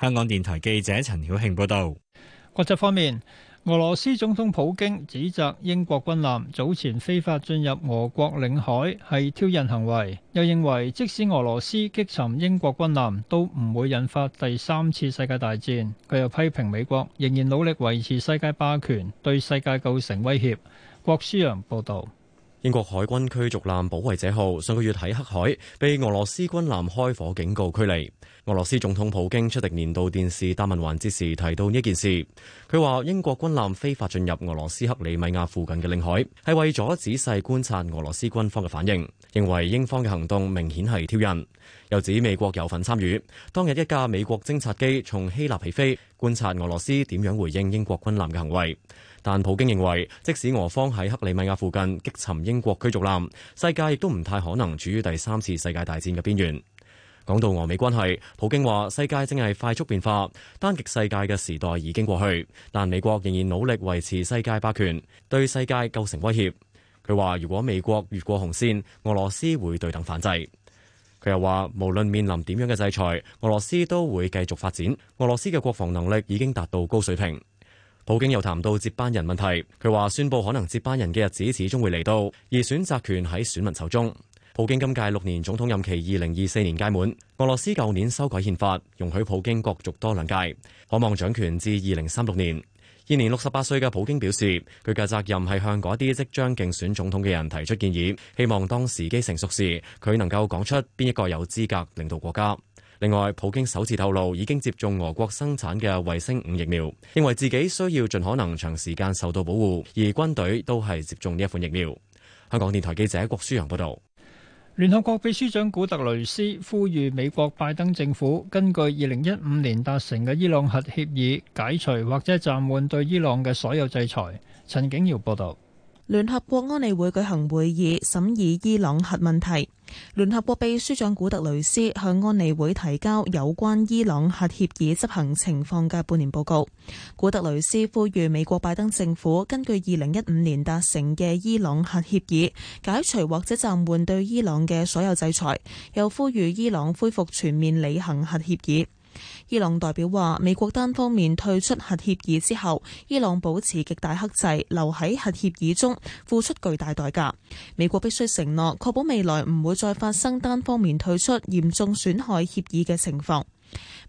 香港電台記者陳曉慶報道。國際方面，俄羅斯總統普京指責英國軍艦早前非法進入俄國領海係挑釁行為，又認為即使俄羅斯擊沉英國軍艦都唔會引發第三次世界大戰。佢又批評美國仍然努力維持世界霸權，對世界構成威脅。郭書陽報道。英國海軍驅逐艦保衛者號上個月喺黑海被俄羅斯軍艦開火警告驅離。俄羅斯總統普京出席年度電視答問環節時提到呢件事，佢話英國軍艦非法進入俄羅斯克里米亞附近嘅領海，係為咗仔細觀察俄羅斯軍方嘅反應，認為英方嘅行動明顯係挑釁，又指美國有份參與。當日一架美國偵察機從希臘起飛，觀察俄羅斯點樣回應英國軍艦嘅行為。但普京認為，即使俄方喺克里米亞附近擊沉英國驅逐艦，世界亦都唔太可能處於第三次世界大戰嘅邊緣。講到俄美關係，普京話：世界正係快速變化，單極世界嘅時代已經過去，但美國仍然努力維持世界霸權，對世界構成威脅。佢話：如果美國越過紅線，俄羅斯會對等反制。佢又話：無論面臨點樣嘅制裁，俄羅斯都會繼續發展。俄羅斯嘅國防能力已經達到高水平。普京又談到接班人問題，佢話：宣佈可能接班人嘅日子始終會嚟到，而選擇權喺選民手中。普京今屆六年總統任期二零二四年屆滿。俄羅斯舊年修改憲法，容許普京角逐多兩屆，可望掌權至二零三六年。現年六十八歲嘅普京表示，佢嘅責任係向嗰啲即將競選總統嘅人提出建議，希望當時機成熟時，佢能夠講出邊一個有資格領導國家。另外，普京首次透露已經接種俄國生產嘅衛星五疫苗，認為自己需要盡可能長時間受到保護，而軍隊都係接種呢一款疫苗。香港電台記者郭舒揚報道。聯合國秘書長古特雷斯呼籲美國拜登政府根據二零一五年達成嘅伊朗核協議，解除或者暫緩對伊朗嘅所有制裁。陳景堯報道。聯合國安理會舉行會議，審議伊朗核問題。聯合國秘書長古特雷斯向安理會提交有關伊朗核協議執行情況嘅半年報告。古特雷斯呼籲美國拜登政府根據二零一五年達成嘅伊朗核協議，解除或者暫緩對伊朗嘅所有制裁，又呼籲伊朗恢復全面履行核協議。伊朗代表話：美國單方面退出核協議之後，伊朗保持極大克制，留喺核協議中付出巨大代價。美國必須承諾，確保未來唔會再發生單方面退出嚴損、嚴重損害協議嘅情況。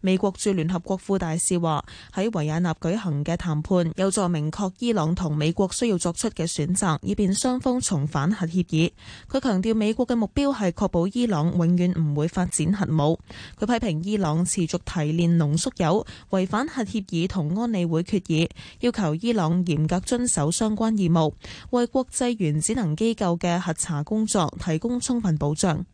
美國駐聯合國副大使話：喺維也納舉行嘅談判有助明確伊朗同美國需要作出嘅選擇，以便雙方重返核協議。佢強調美國嘅目標係確保伊朗永遠唔會發展核武。佢批評伊朗持續提煉濃縮鈾，違反核協議同安理會決議，要求伊朗嚴格遵守相關義務，為國際原子能機構嘅核查工作提供充分保障。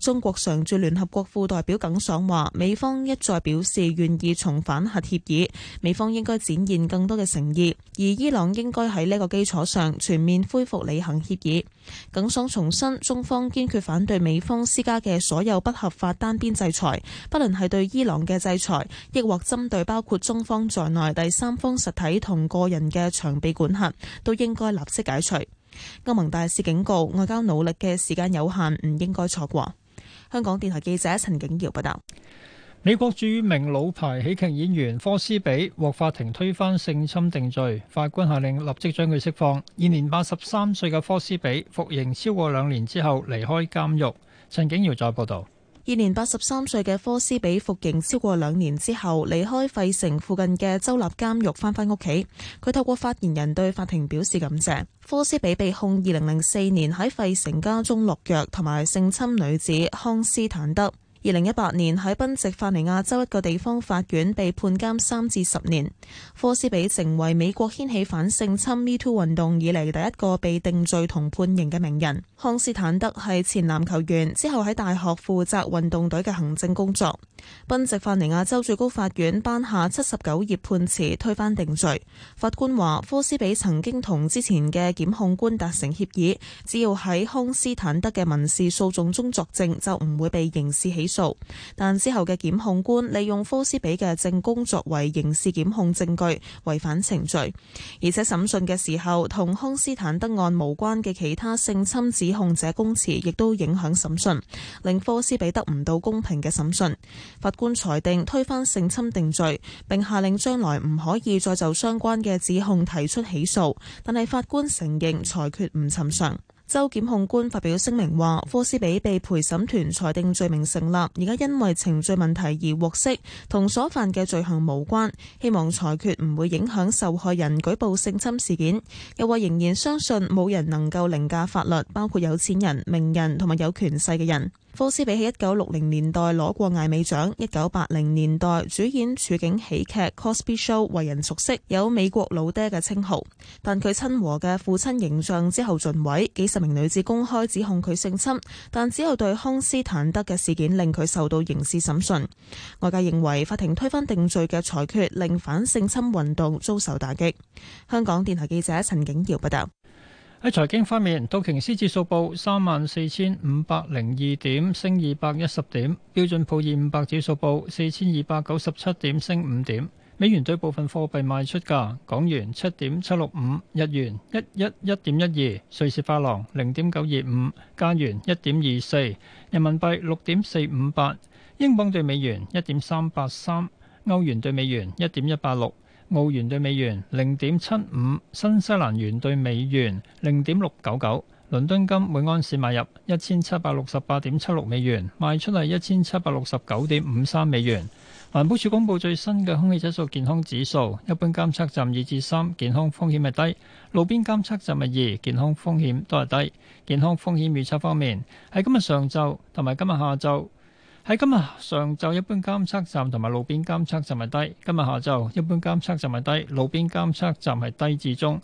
中國常駐聯合國副代表耿爽話：美方一再表示願意重返核協議，美方應該展現更多嘅誠意，而伊朗應該喺呢個基礎上全面恢復履行協議。耿爽重申，中方堅決反對美方施加嘅所有不合法單邊制裁，不論係對伊朗嘅制裁，抑或針對包括中方在內第三方實體同個人嘅長臂管轄，都應該立即解除。歐盟大使警告：外交努力嘅時間有限，唔應該錯過。香港電台記者陳景堯報道。美國著名老牌喜劇演員科斯比獲法庭推翻性侵定罪，法官下令立即將佢釋放。現年八十三歲嘅科斯比服刑超過兩年之後離開監獄。陳景堯再報道。現年八十三歲嘅科斯比服刑超過兩年之後，離開費城附近嘅州立監獄，翻返屋企。佢透過發言人對法庭表示感謝。科斯比被控二零零四年喺費城家中落藥同埋性侵女子康斯坦德。二零一八年喺賓夕法尼亞州一個地方法院被判監三至十年。科斯比成為美國掀起反性侵，侵 MeToo 運動以嚟第一個被定罪同判刑嘅名人。康斯坦德係前籃球員，之後喺大學負責運動隊嘅行政工作。賓夕法尼亞州最高法院頒下七十九頁判詞，推翻定罪。法官話：科斯比曾經同之前嘅檢控官達成協議，只要喺康斯坦德嘅民事訴訟中作證，就唔會被刑事起訴。但之後嘅檢控官利用科斯比嘅證供作為刑事檢控證據，違反程序。而且審訊嘅時候，同康斯坦德案無關嘅其他性侵指控者供詞，亦都影響審訊，令科斯比得唔到公平嘅審訊。法官裁定推翻性侵定罪，並下令將來唔可以再就相關嘅指控提出起訴。但係法官承認裁決唔尋常。州檢控官發表聲明，話科斯比被陪審團裁定罪名成立，而家因為程序問題而獲釋，同所犯嘅罪行無關。希望裁決唔會影響受害人舉報性侵事件，又話仍然相信冇人能夠凌駕法律，包括有錢人、名人同埋有權勢嘅人。科斯比喺一九六零年代攞過艾美獎，一九八零年代主演處境喜劇《Cosby Show》，為人熟悉，有美國老爹嘅稱號。但佢親和嘅父親形象之後盡毀，幾十名女子公開指控佢性侵，但只有對康斯坦德嘅事件令佢受到刑事審訊。外界認為法庭推翻定罪嘅裁決，令反性侵運動遭受打擊。香港電台記者陳景耀報道。喺財經方面，道瓊斯指數報三萬四千五百零二點，升二百一十點；標準普爾五百指數報四千二百九十七點，升五點。美元對部分貨幣賣出價：港元七點七六五，日元一一一點一二，瑞士法郎零點九二五，加元一點二四，人民幣六點四五八，英鎊對美元一點三八三，歐元對美元一點一八六。澳元兌美元零點七五，新西蘭元兌美元零點六九九，倫敦金每盎司買入一千七百六十八點七六美元，賣出係一千七百六十九點五三美元。環保署公布最新嘅空氣質素健康指數，一般監測站二至三，健康風險係低；路邊監測站係二，健康風險都係低。健康風險預測方面，喺今日上晝同埋今日下晝。喺今日上晝，一般監測站同埋路邊監測站係低；今日下晝，一般監測站係低，路邊監測站係低至中。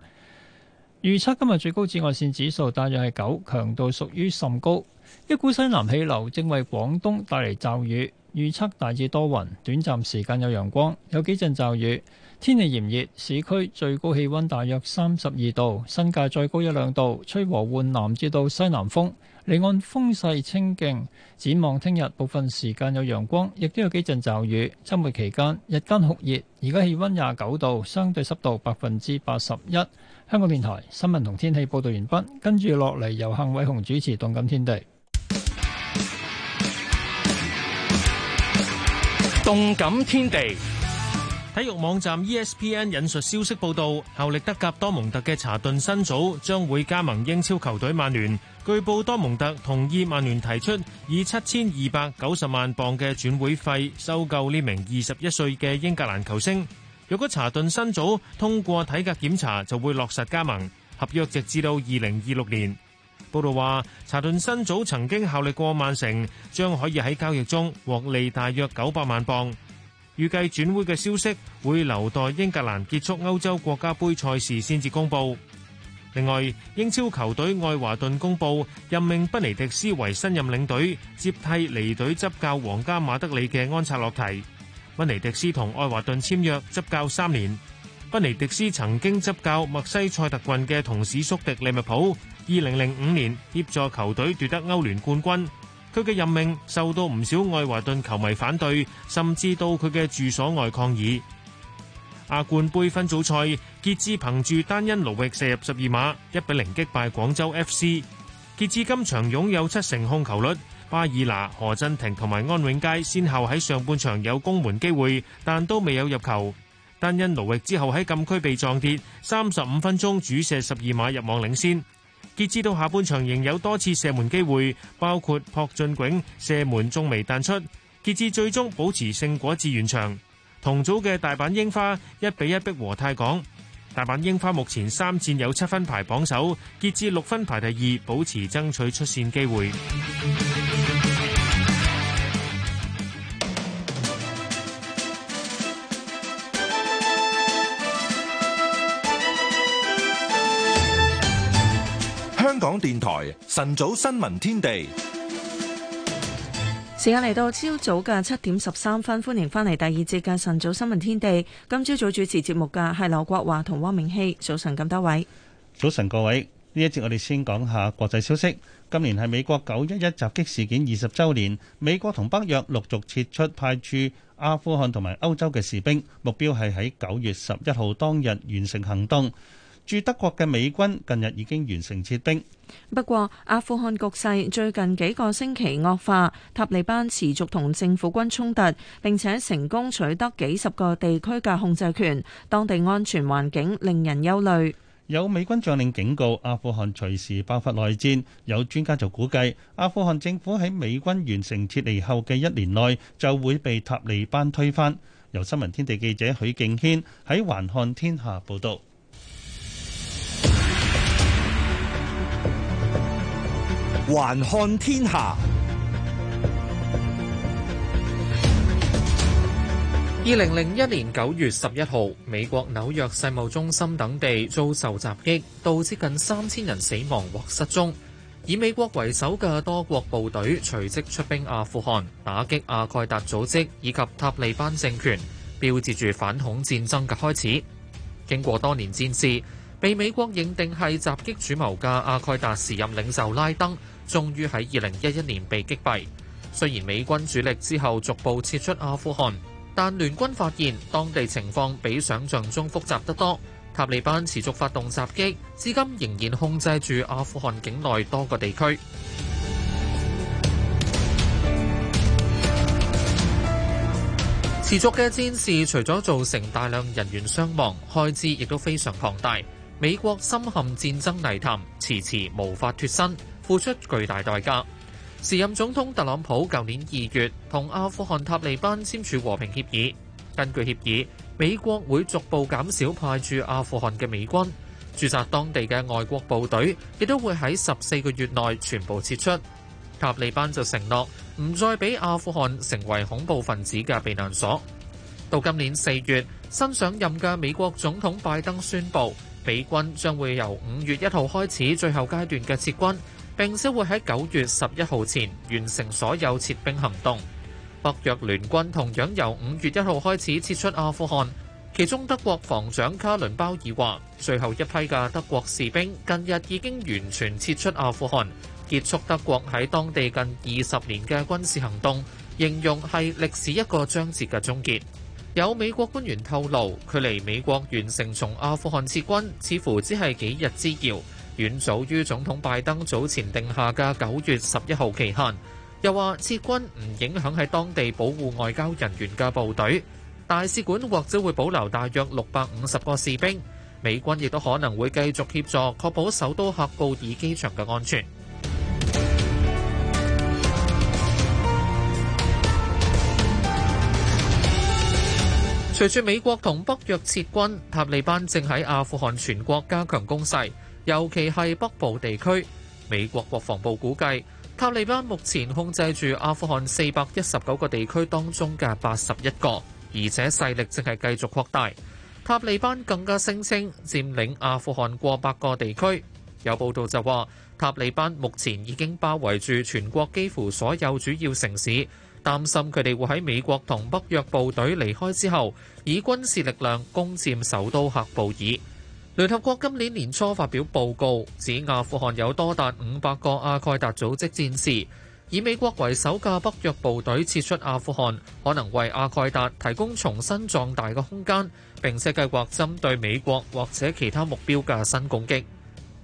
預測今日最高紫外線指數大約係九，強度屬於甚高。一股西南氣流正為廣東帶嚟驟雨，預測大致多雲，短暫時間有陽光，有幾陣驟雨。天氣炎熱，市區最高氣温大約三十二度，新界再高一兩度，吹和緩南至到西南風。離岸風勢清勁，展望聽日部分時間有陽光，亦都有幾陣驟雨。周末期間日間酷熱。而家氣溫廿九度，相對濕度百分之八十一。香港電台新聞同天氣報道完畢，跟住落嚟由幸偉雄主持《動感天地》。《動感天地》。體育網站 ESPN 引述消息報道，效力德甲多蒙特嘅查頓新組將會加盟英超球隊曼聯。據報多蒙特同意曼聯提出以七千二百九十萬鎊嘅轉會費收購呢名二十一歲嘅英格蘭球星。若果查頓新組通過體格檢查，就會落實加盟，合約直至到二零二六年。報道話，查頓新組曾經效力過曼城，將可以喺交易中獲利大約九百萬鎊。預計轉會嘅消息會留待英格蘭結束歐洲國家杯賽事先至公佈。另外，英超球隊愛華頓公佈任命賓尼迪斯為新任領隊，接替離隊執教皇家馬德里嘅安察洛提。賓尼迪斯同愛華頓簽約執教三年。賓尼迪斯曾經執教墨西塞特郡嘅同市宿敵利物浦，二零零五年協助球隊奪得歐聯冠軍。佢嘅任命受到唔少愛華頓球迷反對，甚至到佢嘅住所外抗議。亞冠杯分組賽，傑志憑住單因奴域射入十二碼，一比零擊敗廣州 FC。傑志今場擁有七成控球率，巴爾拿、何振廷同埋安永佳先後喺上半場有攻門機會，但都未有入球。單因奴域之後喺禁區被撞跌，三十五分鐘主射十二碼入網領先。濟州到下半場，仍有多次射門機會，包括朴俊炯射門仲未彈出，濟州最終保持勝果至完場。同組嘅大阪櫻花一比一逼和泰港。大阪櫻花目前三戰有七分排榜首，濟州六分排第二，保持爭取出線機會。香港電台晨早新聞天地，時間嚟到朝早嘅七點十三分，歡迎翻嚟第二節嘅晨早新聞天地。今朝早主持節目嘅係劉國華同汪明熙。早晨咁多位，早晨各位。呢一節我哋先講下國際消息。今年係美國九一一襲擊事件二十周年，美國同北約陸續撤出派駐阿富汗同埋歐洲嘅士兵，目標係喺九月十一號當日完成行動。駐德國嘅美軍近日已經完成撤兵，不過阿富汗局勢最近幾個星期惡化，塔利班持續同政府軍衝突，並且成功取得幾十個地區嘅控制權，當地安全環境令人憂慮。有美軍將領警告阿富汗隨時爆發內戰，有專家就估計阿富汗政府喺美軍完成撤離後嘅一年內就會被塔利班推翻。由新聞天地記者許敬軒喺環看天下報導。環看天下。二零零一年九月十一號，美國紐約世貿中心等地遭受襲擊，導致近三千人死亡或失蹤。以美國為首嘅多國部隊隨即出兵阿富汗，打擊阿蓋達組織以及塔利班政權，標誌住反恐戰爭嘅開始。經過多年戰事。被美國認定係襲擊主謀嘅阿蓋達時任領袖拉登，終於喺二零一一年被擊斃。雖然美軍主力之後逐步撤出阿富汗，但聯軍發現當地情況比想像中複雜得多。塔利班持續發動襲擊，至今仍然控制住阿富汗境內多個地區。持續嘅戰事除咗造成大量人員傷亡，開支亦都非常龐大。美國深陷戰爭泥潭，遲遲無法脱身，付出巨大代價。時任總統特朗普舊年二月同阿富汗塔利班簽署和平協議，根據協議，美國會逐步減少派駐阿富汗嘅美軍，駐紮當地嘅外國部隊亦都會喺十四個月內全部撤出。塔利班就承諾唔再俾阿富汗成為恐怖分子嘅避難所。到今年四月，新上任嘅美國總統拜登宣布。美軍將會由五月一號開始最後階段嘅撤軍，並且會喺九月十一號前完成所有撤兵行動。北約聯軍同樣由五月一號開始撤出阿富汗，其中德國防長卡倫鮑爾話，最後一批嘅德國士兵近日已經完全撤出阿富汗，結束德國喺當地近二十年嘅軍事行動，形容係歷史一個章節嘅終結。有美國官員透露，距離美國完成從阿富汗撤軍似乎只係幾日之遙，遠早於總統拜登早前定下嘅九月十一號期限。又話撤軍唔影響喺當地保護外交人員嘅部隊，大使館或者會保留大約六百五十個士兵。美軍亦都可能會繼續協助確保首都喀布爾機場嘅安全。隨住美國同北約撤軍，塔利班正喺阿富汗全國加強攻勢，尤其係北部地區。美國國防部估計，塔利班目前控制住阿富汗四百一十九個地區當中嘅八十一個，而且勢力正係繼續擴大。塔利班更加聲稱佔領阿富汗過百個地區。有報道就話，塔利班目前已經包圍住全國幾乎所有主要城市。擔心佢哋會喺美國同北約部隊離開之後，以軍事力量攻佔首都喀布爾。聯合國今年年初發表報告，指阿富汗有多達五百個阿蓋達組織戰士。以美國為首架北約部隊撤出阿富汗，可能為阿蓋達提供重新壯大嘅空間，並且計劃針對美國或者其他目標嘅新攻擊。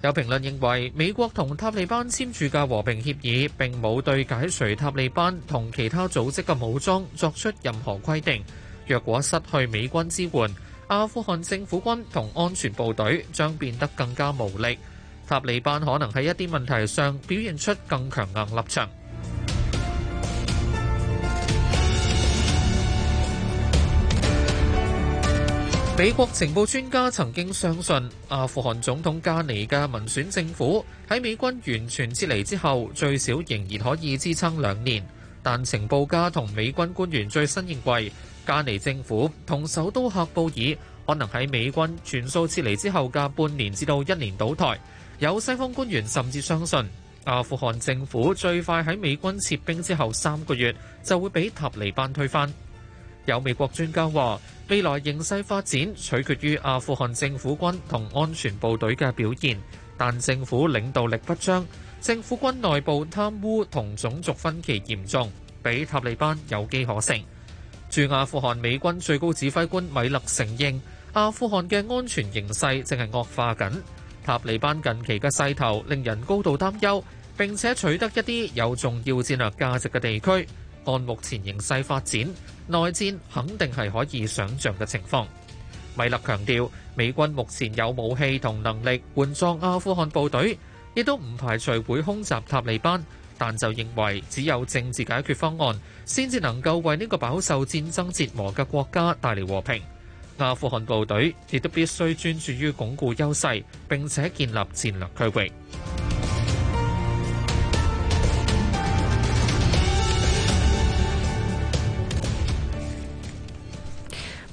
有評論認為，美國同塔利班簽署嘅和平協議並冇對解除塔利班同其他組織嘅武裝作出任何規定。若果失去美軍支援，阿富汗政府軍同安全部隊將變得更加無力。塔利班可能喺一啲問題上表現出更強硬立場。美國情報專家曾經相信阿富汗總統加尼嘅民選政府喺美軍完全撤離之後最少仍然可以支撐兩年，但情報家同美軍官員最新認為，加尼政府同首都喀布爾可能喺美軍全數撤離之後嘅半年至到一年倒台。有西方官員甚至相信阿富汗政府最快喺美軍撤兵之後三個月就會被塔利班推翻。有美國專家話，未來形勢發展取決於阿富汗政府軍同安全部隊嘅表現，但政府領導力不彰，政府軍內部貪污同種族分歧嚴重，俾塔利班有機可乘。駐阿富汗美軍最高指揮官米勒承認，阿富汗嘅安全形勢正係惡化緊，塔利班近期嘅勢頭令人高度擔憂，並且取得一啲有重要戰略價值嘅地區。按目前形勢發展，內戰肯定係可以想象嘅情況。米勒強調，美軍目前有武器同能力援助阿富汗部隊，亦都唔排除會空襲塔利班，但就認為只有政治解決方案先至能夠為呢個飽受戰爭折磨嘅國家帶嚟和平。阿富汗部隊亦都必須專注於鞏固優勢，並且建立戰略區域。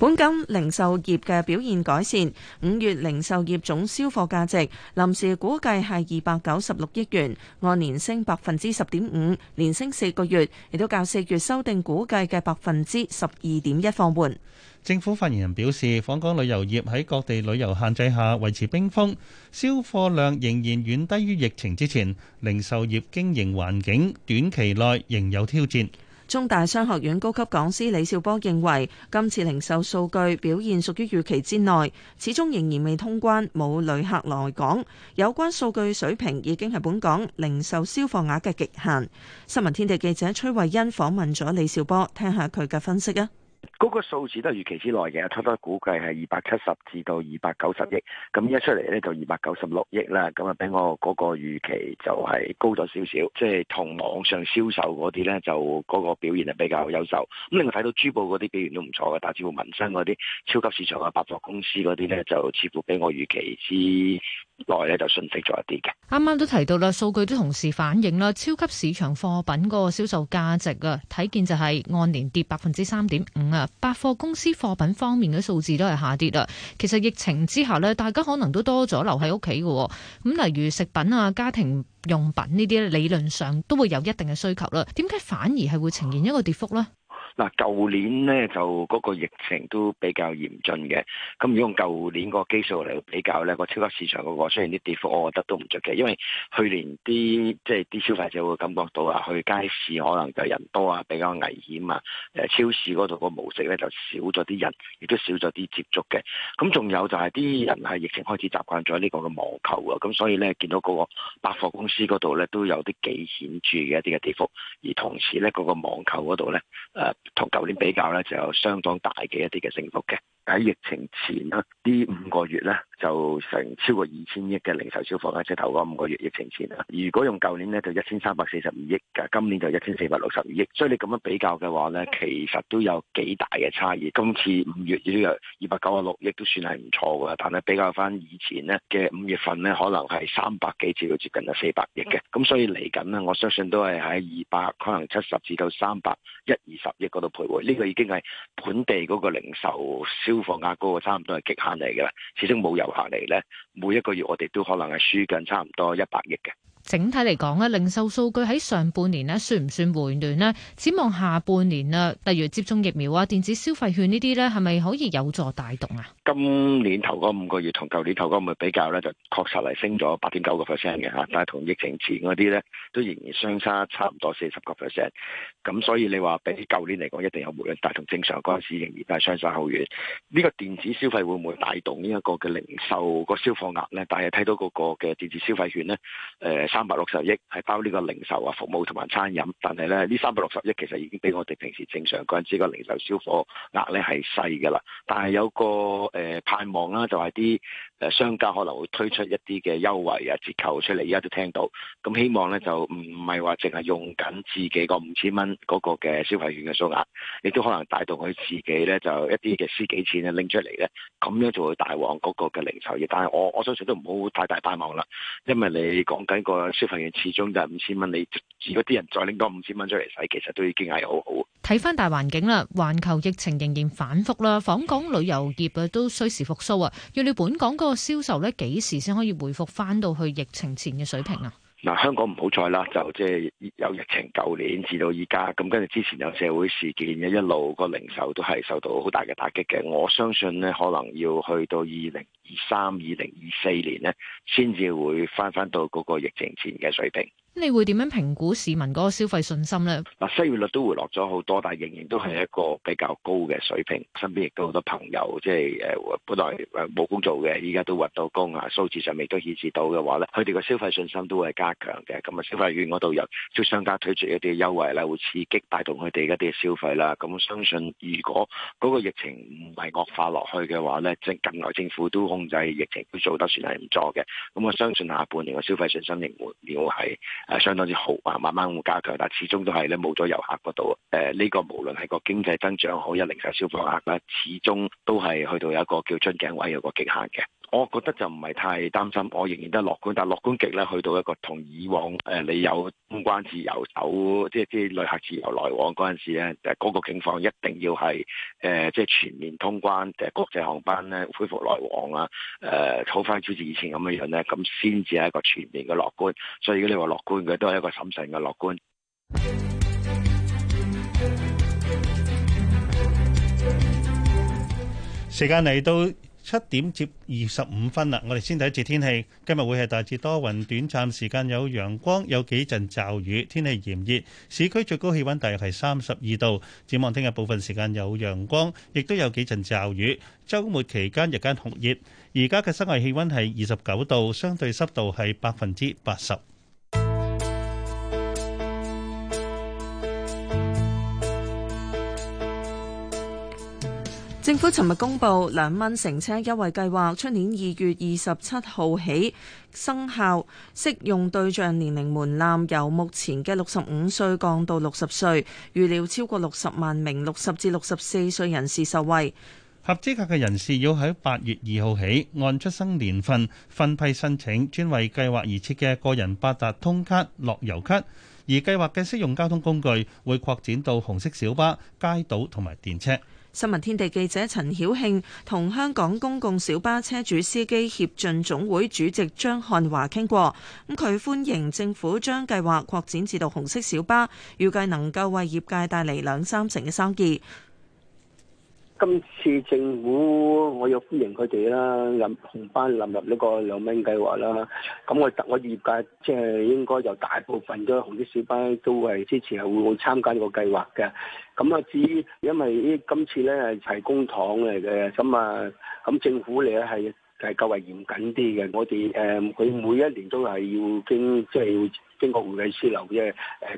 本港零售業嘅表現改善，五月零售業總銷貨價值臨時估計係二百九十六億元，按年升百分之十點五，連升四個月，亦都較四月修訂估計嘅百分之十二點一放緩。政府發言人表示，訪港旅遊業喺各地旅遊限制下維持冰封，銷貨量仍然遠低於疫情之前，零售業經營環境短期內仍有挑戰。中大商學院高級講師李兆波認為，今次零售數據表現屬於預期之內，始終仍然未通關冇旅客來港，有關數據水平已經係本港零售銷貨額嘅極限。新聞天地記者崔慧欣訪問咗李兆波，聽下佢嘅分析啊！嗰個數字都係預期之內嘅，差唔多估計係二百七十至到二百九十億，咁一出嚟咧就二百九十六億啦，咁啊俾我嗰個預期就係高咗少少，即係同網上銷售嗰啲咧就嗰個表現係比較優秀。咁另外睇到珠寶嗰啲表現都唔錯嘅，但甚至乎民生嗰啲超級市場啊、百貨公司嗰啲咧就似乎比我預期之內咧就遜色咗一啲嘅。啱啱都提到啦，數據都同時反映啦，超級市場貨品嗰個銷售價值啊，睇見就係按年跌百分之三點五啊。百貨公司貨品方面嘅數字都係下跌啦。其實疫情之下呢，大家可能都多咗留喺屋企嘅。咁例如食品啊、家庭用品呢啲，理論上都會有一定嘅需求啦。點解反而係會呈現一個跌幅呢？嗱，舊年咧就嗰個疫情都比較嚴峻嘅，咁如果用舊年個基數嚟比較咧，個超級市場嗰個雖然啲跌幅我覺得都唔着嘅，因為去年啲即係啲消費者會感覺到啊，去街市可能就人多啊，比較危險啊，誒、呃、超市嗰度個模式咧就少咗啲人，亦都少咗啲接觸嘅。咁仲有就係啲人係疫情開始習慣咗呢個嘅網購啊，咁所以咧見到嗰個百貨公司嗰度咧都有啲幾顯著嘅一啲嘅跌幅，而同時咧嗰、嗰個網購嗰度咧誒，呃同舊年比較咧，就有相當大嘅一啲嘅升幅嘅。喺疫情前呢，呢五個月呢，就成超過二千億嘅零售消費，即係、嗯、頭嗰五個月疫情前啦。如果用舊年呢，就一千三百四十五億嘅，今年就一千四百六十二億。所以你咁樣比較嘅話呢，其實都有幾大嘅差異。今次五月只有二百九十六億都算係唔錯嘅，但係比較翻以前呢嘅五月份呢，可能係三百幾至到接近啊四百億嘅。咁、嗯、所以嚟緊呢，我相信都係喺二百，可能七十至到三百一二十億嗰度徘徊。呢、嗯、個已經係本地嗰個零售租房價高，差唔多係極限嚟噶啦。始終冇遊客嚟呢，每一個月我哋都可能係輸緊，差唔多一百億嘅。整體嚟講咧，零售數據喺上半年咧算唔算回暖呢？指望下半年啊，例如接種疫苗啊、電子消費券呢啲咧，係咪可以有助帶動啊？今年頭嗰五個月同舊年頭嗰五個比較咧，就確實係升咗八點九個 percent 嘅嚇，但係同疫情前嗰啲咧都仍然相差差唔多四十個 percent。咁所以你話比舊年嚟講一定有回暖，但係同正常嗰陣時仍然係相差好遠。呢、這個電子消費會唔會帶動呢一個嘅零售個銷貨額咧？但係睇到嗰個嘅電子消費券咧，誒、呃。三百六十億係包呢個零售啊、服務同埋餐飲，但係咧呢三百六十億其實已經比我哋平時正常嗰陣時個零售銷貨額咧係細嘅啦。但係有個誒、呃、盼望啦、啊，就係啲誒商家可能會推出一啲嘅優惠啊、折扣出嚟，而家都聽到。咁希望咧就唔係話淨係用緊自己 5, 個五千蚊嗰個嘅消費券嘅數額，亦都可能帶動佢自己咧就一啲嘅私己錢啊拎出嚟咧，咁樣就會大旺嗰個嘅零售業。但係我我相信都唔好太大盼望啦，因為你講緊、嗰個。消費員始終就係五千蚊，你如果啲人再拎多五千蚊出嚟使，其實都已經係好好。睇翻大環境啦，環球疫情仍然反覆啦，訪港旅遊業啊都需時復蘇啊。要你本港嗰個銷售咧幾時先可以回復翻到去疫情前嘅水平啊？嗱，香港唔好彩啦，就即係有疫情，舊年至到依家，咁跟住之前有社會事件嘅一路，個零售都係受到好大嘅打擊嘅。我相信咧，可能要去到二零二三、二零二四年咧，先至會翻翻到嗰個疫情前嘅水平。你會點樣評估市民嗰個消費信心呢？嗱，失業率都回落咗好多，但仍然都係一個比較高嘅水平。身邊亦都好多朋友，即係本來冇工做嘅，依家都搵到工啊。數字上面都顯示到嘅話呢，佢哋個消費信心都會加強嘅。咁啊，消費券嗰度又即係商家推出一啲優惠啦，會刺激帶動佢哋一啲消費啦。咁我相信如果嗰個疫情唔係惡化落去嘅話咧，政近來政府都控制疫情，都做得算係唔錯嘅。咁我相信下半年個消費信心仍然會係。相當之好啊，慢慢會加強，但始終都係冇咗遊客嗰度，誒、呃、呢個無論係個經濟增長好，一零售消費額啦，始終都係去到有一個叫樽頸位，有一個極限嘅。我覺得就唔係太擔心，我仍然都係樂觀，但係樂觀極咧，去到一個同以往誒、呃，你有通關自由、走即係即係旅客自由來往嗰陣時咧，誒嗰個境況一定要係誒、呃、即係全面通關，誒國際航班咧恢復來往啊，誒好翻好似以前咁嘅樣咧，咁先至係一個全面嘅樂觀。所以如果你話樂觀嘅，都係一個審慎嘅樂觀。時間嚟到。七點接二十五分啦，我哋先睇一節天氣。今日會係大致多雲，短暫時間有陽光，有幾陣驟雨。天氣炎熱，市區最高氣溫大約係三十二度。展望聽日部分時間有陽光，亦都有幾陣驟雨。週末期間日間酷熱。而家嘅室外氣温係二十九度，相對濕度係百分之八十。政府尋日公布兩蚊乘車優惠計劃，出年二月二十七號起生效，適用對象年齡門檻由目前嘅六十五歲降到六十歲。預料超過六十萬名六十至六十四歲人士受惠。合資格嘅人士要喺八月二號起按出生年份分批申請專為計劃而設嘅個人八達通卡樂悠卡。而計劃嘅適用交通工具會擴展到紅色小巴、街渡同埋電車。新聞天地記者陳曉慶同香港公共小巴車主司機協進總會主席張漢華傾過，咁佢歡迎政府將計劃擴展至到紅色小巴，預計能夠為業界帶嚟兩三成嘅生意。今次政府我又歡迎佢哋啦，入紅班納入呢個兩蚊計劃啦。咁我我業界即係應該就大部分都紅啲小班都係之前係會參加呢個計劃嘅。咁啊，至於因為依今次咧係齊公帑嚟嘅，咁啊咁政府咧係係較為嚴謹啲嘅。我哋誒佢每一年都係要經即係、就是、要經過會計師樓嘅誒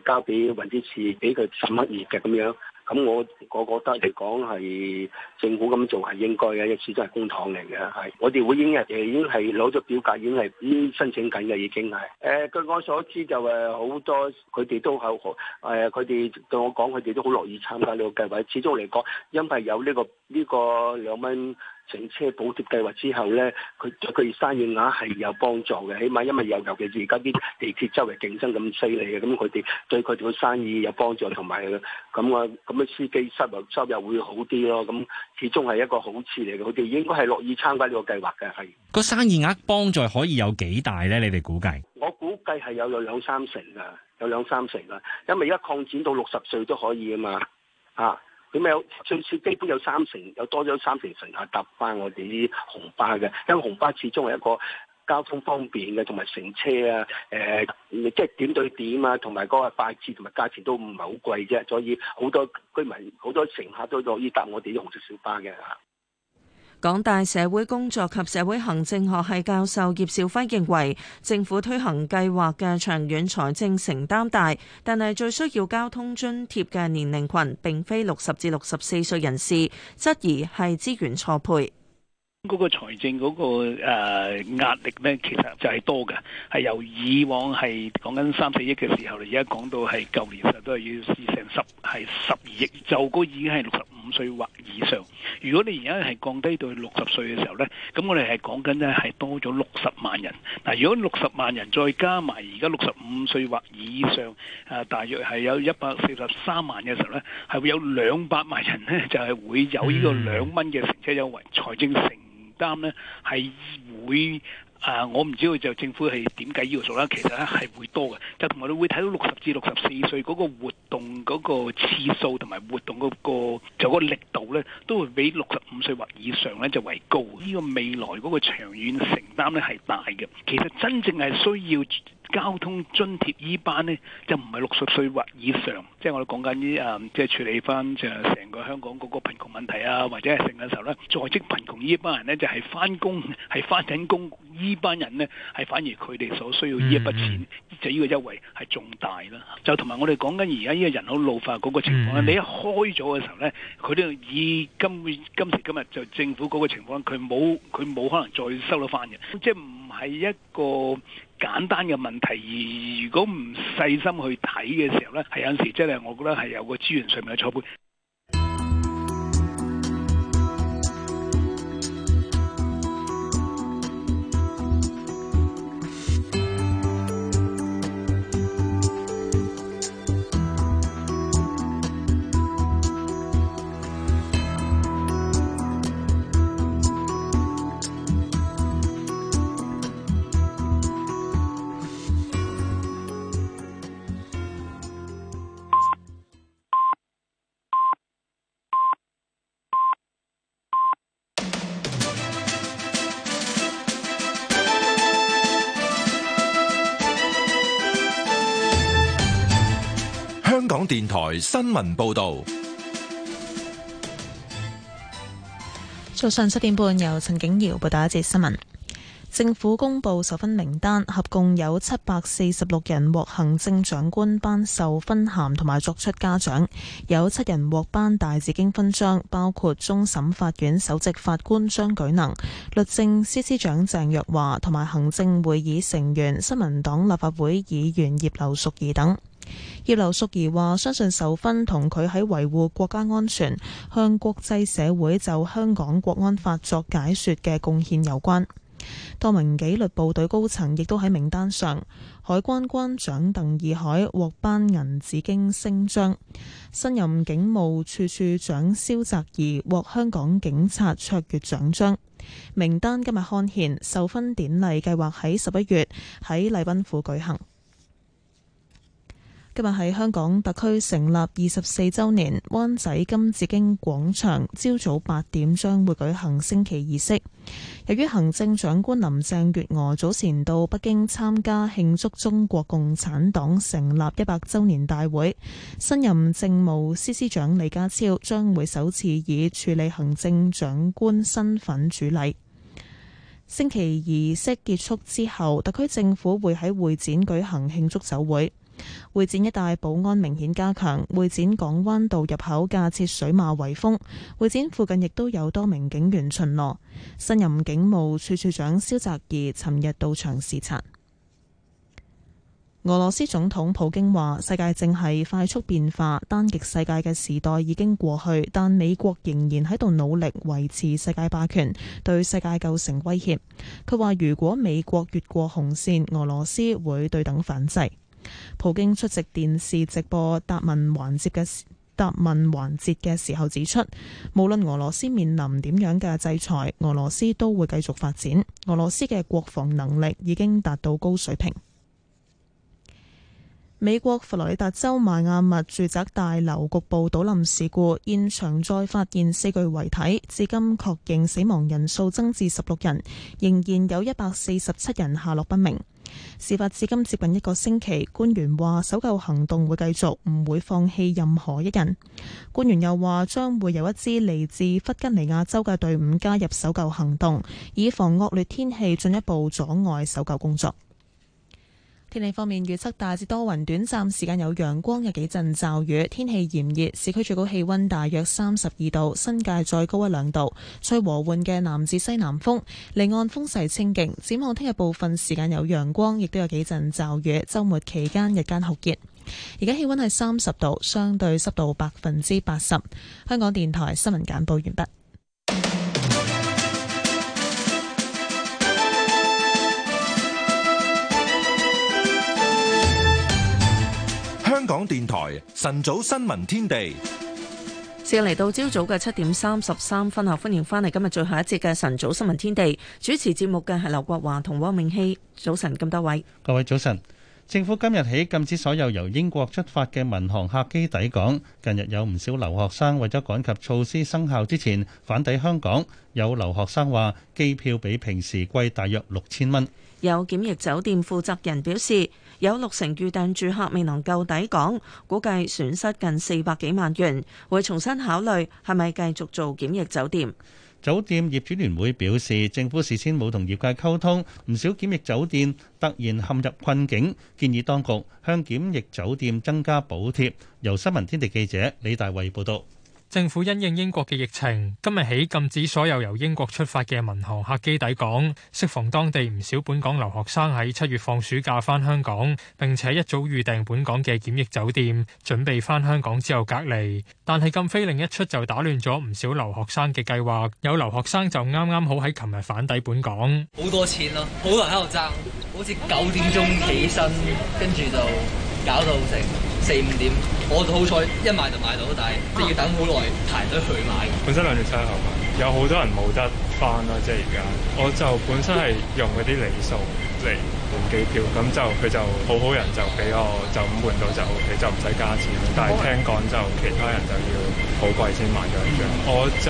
交俾運輸署俾佢審核驗嘅咁樣。咁我、嗯、我覺得嚟講係政府咁做係應該嘅，一次都係公帑嚟嘅，係我哋會應日嘅，已經係攞咗表格，已經係依申請緊嘅，已經係誒、呃、據我所知就誒、是、好多佢哋都係好誒，佢、呃、哋對我講佢哋都好樂意參加呢個計劃，始終嚟講因為有呢、呢個呢、呢個兩蚊乘車補貼計劃之後咧，佢對生意額係有幫助嘅，起碼因為又尤其是而家啲地鐵周圍競爭咁犀利嘅，咁佢哋對佢哋嘅生意有幫助，同埋咁啊咁嘅司機收入收入會好啲咯。咁始終係一個好處嚟嘅，佢哋應該係樂意參加呢個計劃嘅。係個生意額幫助可以有幾大咧？你哋估計？我估計係有有兩三成㗎，有兩三成啦。因為而家擴展到六十歲都可以啊嘛，啊！咁有最少基本有三成，有多咗三成乘客搭翻我哋啲紅巴嘅，因為紅巴始終係一個交通方便嘅，同埋乘車啊，誒、呃，即係點對點啊，同埋嗰個快捷同埋價錢都唔係好貴啫，所以好多居民好多乘客都樂意搭我哋啲紅色小巴嘅嚇。港大社會工作及社會行政學系教授葉兆輝認為，政府推行計劃嘅長遠財政承擔大，但係最需要交通津貼嘅年齡群並非六十至六十四歲人士，質疑係資源錯配。嗰個財政嗰、嗰個誒壓、呃、力呢，其實就係多㗎，係由以往係講緊三四億嘅時候咧，而家講到係舊年實都係要是成十係十二億，就嗰已經係六十五歲或以上，如果你而家係降低到六十歲嘅時候呢，咁我哋係講緊呢係多咗六十萬人。嗱，如果六十萬人再加埋而家六十五歲或以上，大約係有一百四十三萬嘅時候呢，係會有兩百萬人呢，就係會有呢個兩蚊嘅乘車優惠，財政承擔呢係會。啊！我唔知佢就政府係點計要數啦。其實咧係會多嘅，就同埋你會睇到六十至六十四歲嗰個活動嗰個次數同埋活動嗰個就個力度咧，都會比六十五歲或以上咧就為高。呢個未來嗰個長遠承擔咧係大嘅。其實真正係需要。交通津貼依班呢，就唔係六十歲或以上，即係我哋講緊呢，啊，即係處理翻誒成個香港嗰個貧窮問題啊，或者係成嘅時候咧，在職貧窮依班人咧，就係翻工係翻緊工，依班，班，班人咧係反而佢哋所需要呢一筆錢，就呢個優惠係重大啦。Mm hmm. 就同埋我哋講緊而家呢個人口老化嗰個情況，mm hmm. 你一開咗嘅時候咧，佢都以今今時今日就政府嗰個情況，佢冇佢冇可能再收得翻嘅，即係唔係一個。簡單嘅問題，而如果唔細心去睇嘅時候咧，係有陣時真係我覺得係有個資源上面嘅錯配。電台新聞報道：早上七點半，由陳景瑤報道一節新聞。政府公布授勳名單，合共有七百四十六人獲行政長官頒授勳銜同埋作出嘉獎，有七人獲頒大紫荊勳章，包括終審法院首席法官張舉能、律政司司長鄭若驊同埋行政會議成員、新民黨立法會議員葉劉淑儀等。葉劉淑儀話：相信受勳同佢喺維護國家安全、向國際社會就香港國安法作解說嘅貢獻有關。多名紀律部隊高層亦都喺名單上，海關關長鄧義海獲頒銀紫荊星章，新任警務處處長蕭澤頤獲香港警察卓越獎章。名單今日刊憲，授勳典禮計劃喺十一月喺禮賓府舉行。今日喺香港特區成立二十四週年，灣仔金紫荊廣場朝早八點將會舉行升旗儀式。由於行政長官林鄭月娥早前到北京參加慶祝中國共產黨成立一百週年大會，新任政務司司長李家超將會首次以署理行政長官身份主禮。升旗儀式結束之後，特區政府會喺會展舉行慶祝酒會。會展一帶保安明顯加強，會展港灣道入口架設水馬圍封。會展附近亦都有多名警員巡邏。新任警務處處長蕭澤頤尋日到場視察。俄羅斯總統普京話：世界正係快速變化，單極世界嘅時代已經過去，但美國仍然喺度努力維持世界霸權，對世界構成威脅。佢話：如果美國越過紅線，俄羅斯會對等反制。普京出席電視直播答問環節嘅答問環節嘅時候指出，無論俄羅斯面臨點樣嘅制裁，俄羅斯都會繼續發展。俄羅斯嘅國防能力已經達到高水平。美國佛羅里達州邁阿密住宅大樓局部倒冧事故現場再發現四具遺體，至今確認死亡人數增至十六人，仍然有一百四十七人下落不明。事發至今接近一個星期，官員話搜救行動會繼續，唔會放棄任何一人。官員又話將會有一支嚟自弗吉尼亞州嘅隊伍加入搜救行動，以防惡劣天氣進一步阻礙搜救工作。天氣方面，預測大致多雲，短暫時間有陽光，有幾陣驟雨。天氣炎熱，市區最高氣溫大約三十二度，新界再高一兩度。吹和緩嘅南至西南風，離岸風勢清勁。展望聽日部分時間有陽光，亦都有幾陣驟雨。周末期間日間酷熱。而家氣溫係三十度，相對濕度百分之八十。香港電台新聞簡報完畢。香港電台晨早新聞天地，時間嚟到朝早嘅七點三十三分，後歡迎翻嚟今日最後一節嘅晨早新聞天地。主持節目嘅係劉國華同汪明熙。早晨，咁多位，各位早晨。政府今日起禁止所有由英國出發嘅民航客機抵港。近日有唔少留學生為咗趕及措施生效之前返抵香港，有留學生話機票比平時貴大約六千蚊。有檢疫酒店負責人表示。有六成預訂住客未能夠抵港，估計損失近四百幾萬元，會重新考慮係咪繼續做檢疫酒店。酒店業主聯會表示，政府事先冇同業界溝通，唔少檢疫酒店突然陷入困境，建議當局向檢疫酒店增加補貼。由新聞天地記者李大衛報導。政府因應英國嘅疫情，今日起禁止所有由英國出發嘅民航客機抵港，適逢當地唔少本港留學生喺七月放暑假返香港，並且一早預訂本港嘅檢疫酒店，準備返香港之後隔離。但係禁飛令一出就打亂咗唔少留學生嘅計劃，有留學生就啱啱好喺琴日返抵本港，好多錢咯、啊，好多人喺度爭，好似九點鐘起身，跟住就搞到成。四五點，我好彩一買就買到，但係即係要等好耐，排隊去買。本身兩條車後嘛，有好多人冇得翻啦，即係而家。我就本身係用嗰啲里數嚟換機票，咁就佢就好好人就俾我，就換到就 OK，就唔使加錢。但係聽講就其他人就要好貴先買咗一張。嗯、我就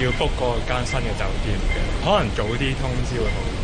要 book 嗰間新嘅酒店嘅，可能早啲通知會好。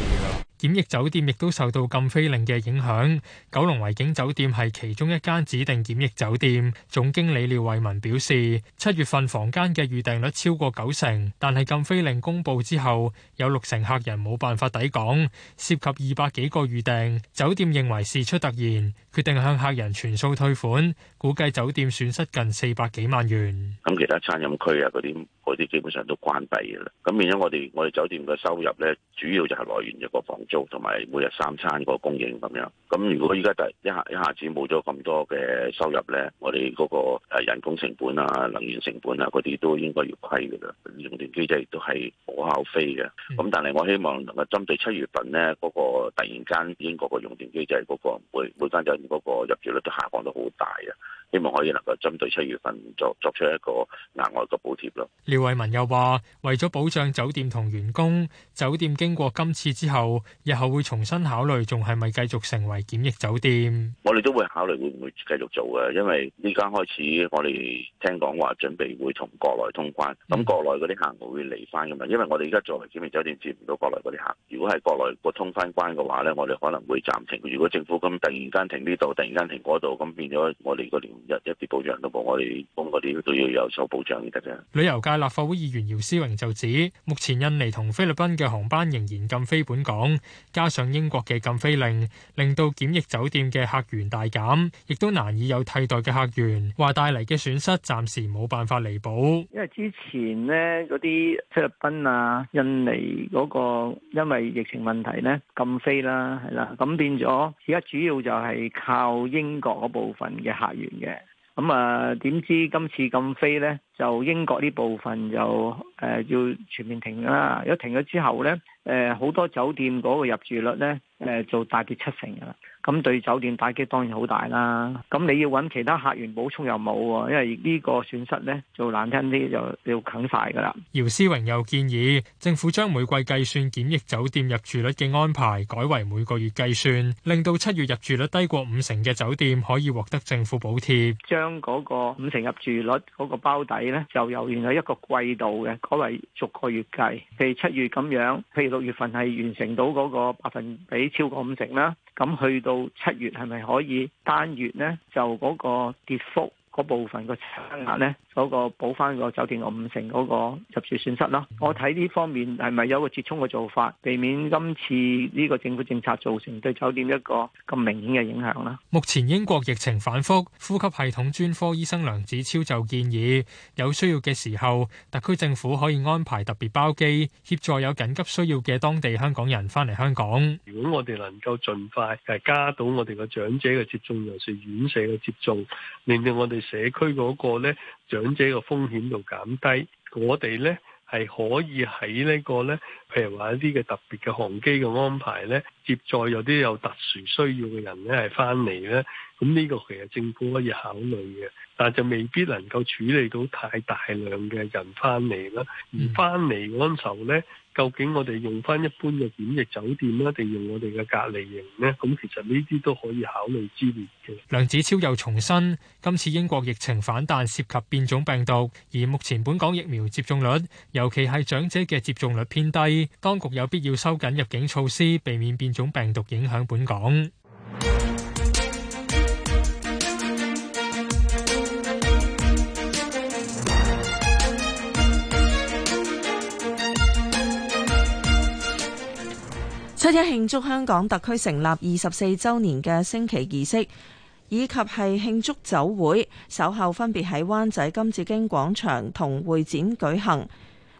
檢疫酒店亦都受到禁飛令嘅影響，九龍維景酒店係其中一間指定檢疫酒店。總經理廖慧文表示，七月份房間嘅預訂率超過九成，但係禁飛令公布之後，有六成客人冇辦法抵港，涉及二百幾個預訂。酒店認為事出突然。決定向客人全數退款，估計酒店損失近四百幾萬元。咁其他餐飲區啊，嗰啲啲基本上都關閉嘅啦。咁變咗我哋我哋酒店嘅收入咧，主要就係來源一個房租同埋每日三餐個供應咁樣。咁如果依家第一下一下子冇咗咁多嘅收入咧，我哋嗰個誒人工成本啊、能源成本啊嗰啲都應該要虧嘅啦。用電機制亦都係冇效費嘅。咁但係我希望能夠針對七月份咧嗰個突然間英國個用電機制嗰個每會翻咗。嗰個入住率都下降得好大啊！希望可以能夠針對七月份作作出一個額外嘅補貼咯。廖慧文又話，為咗保障酒店同員工，酒店經過今次之後，日後會重新考慮仲係咪繼續成為檢疫酒店。我哋都會考慮會唔會繼續做嘅，因為呢間開始我哋聽講話準備會同國內通關，咁國內嗰啲客會嚟翻嘅嘛，因為我哋而家作為檢疫酒店接唔到國內嗰啲客，如果係國內個通翻關嘅話咧，我哋可能會暫停。如果政府咁突然間停呢度，突然間停嗰度，咁變咗我哋個一一啲保障都冇，我哋幫嗰啲都要有所保障先得啫。旅遊界立法會議員姚思榮就指，目前印尼同菲律賓嘅航班仍然禁飛本港，加上英國嘅禁飛令，令到檢疫酒店嘅客源大減，亦都難以有替代嘅客源。話帶嚟嘅損失暫時冇辦法彌補。因為之前咧嗰啲菲律賓啊、印尼嗰個，因為疫情問題咧禁飛啦，係啦，咁變咗而家主要就係靠英國嗰部分嘅客源嘅。咁啊，點、嗯、知今次禁飛呢？就英國呢部分就誒、呃、要全面停啦。一停咗之後呢，誒、呃、好多酒店嗰個入住率呢，誒、呃、就大跌七成噶啦。咁對酒店打擊當然好大啦。咁你要揾其他客源補充又冇喎，因為呢個損失呢，就難聽啲就要啃曬噶啦。姚思榮又建議政府將每季計算檢疫酒店入住率嘅安排，改為每個月計算，令到七月入住率低過五成嘅酒店可以獲得政府補貼。將嗰個五成入住率嗰個包底呢，就由原來一個季度嘅改為逐個月計。譬如七月咁樣，譬如六月份係完成到嗰個百分比超過五成啦。咁去到七月係咪可以單月咧就嗰個跌幅？嗰部分個差額咧，嗰個補翻個酒店個五成嗰個入住損失咯。我睇呢方面係咪有個折衷嘅做法，避免今次呢個政府政策造成對酒店一個咁明顯嘅影響啦。目前英國疫情反覆，呼吸系統專科醫生梁子超就建議，有需要嘅時候，特區政府可以安排特別包機，協助有緊急需要嘅當地香港人翻嚟香港。如果我哋能夠盡快係加到我哋個長者嘅接種，尤其是院舍嘅接種，令到我哋社區嗰個咧長者嘅風險度減低，我哋咧係可以喺呢個咧，譬如話一啲嘅特別嘅航機嘅安排咧，接載有啲有特殊需要嘅人咧係翻嚟咧，咁呢個其實政府可以考慮嘅，但就未必能夠處理到太大量嘅人翻嚟啦，而翻嚟嗰陣時候咧。嗯究竟我哋用返一般嘅檢疫酒店呢，定用我哋嘅隔離營呢？咁其實呢啲都可以考慮之列嘅。梁子超又重申，今次英國疫情反彈涉及變種病毒，而目前本港疫苗接種率，尤其係長者嘅接種率偏低，當局有必要收緊入境措施，避免變種病毒影響本港。七一慶祝香港特區成立二十四週年嘅升旗儀式，以及係慶祝酒會，稍後分別喺灣仔金紫荊廣場同會展舉行。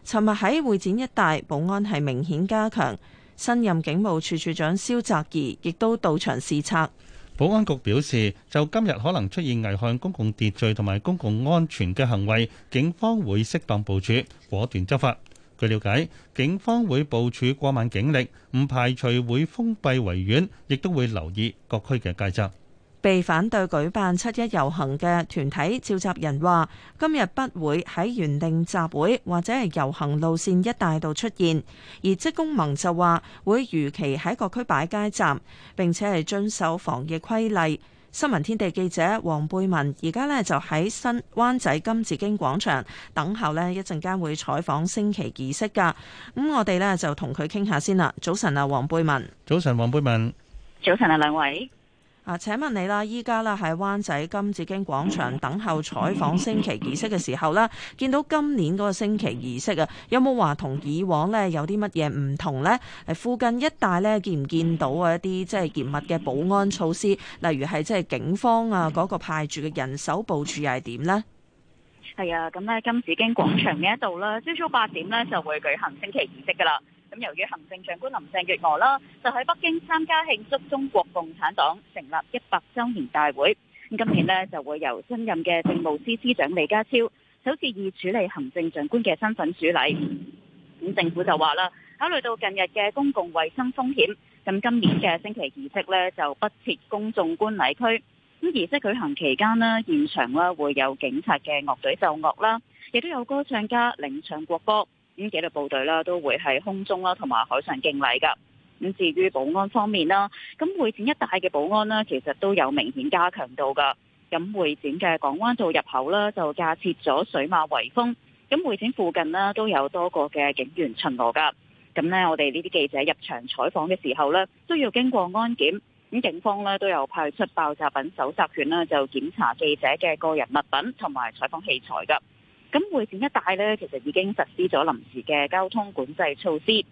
尋日喺會展一帶，保安係明顯加強，新任警務處處長蕭澤頤亦都到場視察。保安局表示，就今日可能出現危害公共秩序同埋公共安全嘅行為，警方會適當部署，果斷執法。據了解，警方會部署過萬警力，唔排除會封閉圍院，亦都會留意各區嘅街站。被反對舉辦七一遊行嘅團體召集人話：今日不會喺原定集會或者係遊行路線一帶度出現。而職工盟就話會如期喺各區擺街站，並且係遵守防疫規例。新聞天地記者黃貝文，而家咧就喺新灣仔金紫荊廣場等候咧，一陣間會採訪升旗儀式噶。咁我哋咧就同佢傾下先啦。早晨啊，黃貝文。早晨，黃貝文。早晨啊，兩位。啊！請問你啦，依家咧喺灣仔金紫荊廣場等候採訪升旗儀式嘅時候咧，見到今年嗰個升旗儀式啊，有冇話同以往呢有啲乜嘢唔同呢？誒，附近一帶呢見唔見到一啲即係嚴密嘅保安措施，例如係即係警方啊嗰個派駐嘅人手部署又係點呢？係啊，咁呢金紫荊廣場嘅一度啦，朝早八點呢就會舉行升旗儀式噶啦。咁由於行政長官林鄭月娥啦，就喺北京參加慶祝中國共產黨成立一百週年大會。咁今年咧就會由新任嘅政務司司長李家超首次以署理行政長官嘅身份主禮。咁政府就話啦，考慮到近日嘅公共衞生風險，咁今年嘅升旗儀式咧就不設公眾觀禮區。咁儀式舉行期間呢，現場啦會有警察嘅樂隊奏樂啦，亦都有歌唱家領唱國歌。咁紀律部隊啦，都會喺空中啦同埋海上敬禮噶。咁至於保安方面啦，咁會展一帶嘅保安呢，其實都有明顯加強到噶。咁會展嘅港灣道入口啦，就架設咗水馬圍封。咁會展附近咧，都有多個嘅警員巡邏噶。咁呢，我哋呢啲記者入場採訪嘅時候呢，都要經過安檢。咁警方呢，都有派出爆炸品蒐集犬啦，就檢查記者嘅個人物品同埋採訪器材噶。咁會展一帶咧，其實已經實施咗臨時嘅交通管制措施。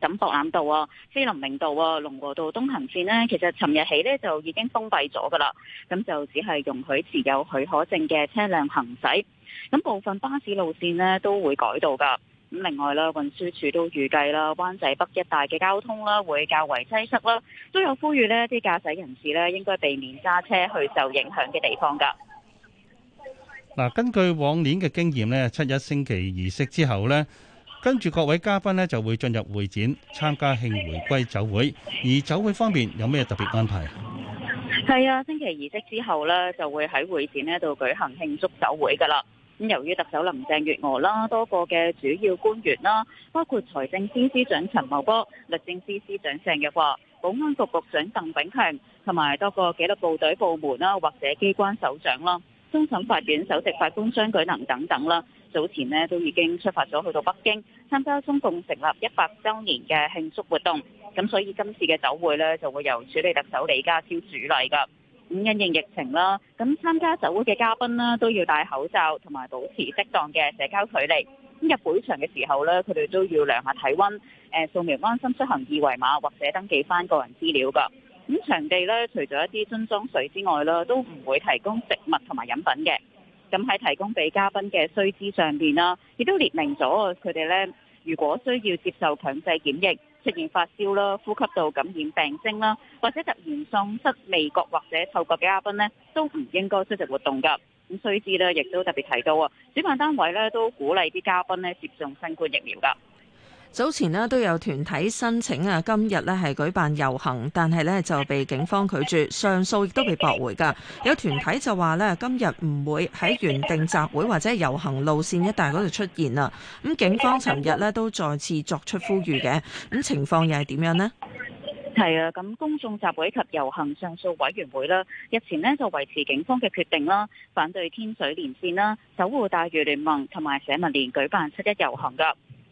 咁博覽道啊、菲林明道啊、龍和道東行線呢，其實尋日起呢，就已經封閉咗噶啦。咁就只係容許持有許可證嘅車輛行駛。咁部分巴士路線呢，都會改道噶。咁另外啦，運輸署都預計啦，灣仔北一帶嘅交通啦會較為擠塞啦，都有呼籲呢啲駕駛人士呢，應該避免揸車去受影響嘅地方噶。嗱，根據往年嘅經驗咧，七一星期儀式之後咧，跟住各位嘉賓咧就會進入會展參加慶回歸酒會，而酒會方面有咩特別安排啊？係啊，星期儀式之後咧，就會喺會展呢度舉行慶祝酒會㗎喇。咁由於特首林鄭月娥啦，多個嘅主要官員啦，包括財政司司長陳茂波、律政司司長鄭若驊、保安局局長鄧炳強同埋多個紀律部隊部門啦或者機關首長啦，終審法院首席法官張舉能等等啦，早前咧都已經出發咗去到北京參加中共成立一百週年嘅慶祝活動，咁所以今次嘅酒會呢，就會由署理特首李家超主禮㗎。咁因應疫情啦，咁參加酒會嘅嘉賓咧都要戴口罩同埋保持適當嘅社交距離。咁入會場嘅時候呢，佢哋都要量下體温，誒掃描安心出行二維碼或者登記返個人資料㗎。咁場地咧，除咗一啲樽裝水之外咧，都唔會提供食物同埋飲品嘅。咁喺提供俾嘉賓嘅須知上邊啦，亦都列明咗佢哋咧，如果需要接受強制檢疫、出現發燒啦、呼吸道感染病徵啦，或者突然喪失味覺或者嗅覺嘅嘉賓咧，都唔應該出席活動㗎。咁須知咧，亦都特別提到啊，主辦單位咧都鼓勵啲嘉賓咧接種新冠疫苗㗎。早前呢都有團體申請啊，今日呢係舉辦遊行，但係呢就被警方拒絕，上訴亦都被駁回㗎。有團體就話呢今日唔會喺原定集會或者遊行路線一帶嗰度出現啊。咁警方尋日呢都再次作出呼籲嘅。咁情況又係點樣呢？係啊，咁公眾集會及遊行上訴委員會咧日前呢就維持警方嘅決定啦，反對天水連線啦、守護大嶼聯盟同埋社民連舉辦七一遊行㗎。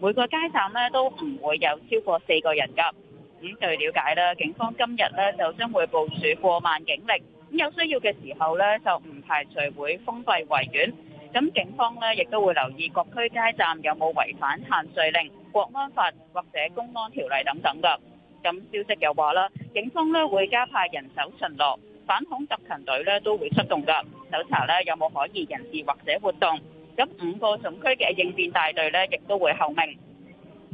每個街站呢都唔會有超過四個人㗎。咁據瞭解呢，警方今日呢就將會部署過萬警力，咁有需要嘅時候呢就唔排除會封閉維園。咁警方呢亦都會留意各區街站有冇違反限聚令、國安法或者公安條例等等㗎。咁消息又話啦，警方呢會加派人手巡邏，反恐特勤隊呢都會出動㗎，搜查呢有冇可疑人士或者活動。咁五個總區嘅應變大隊咧，亦都會候命。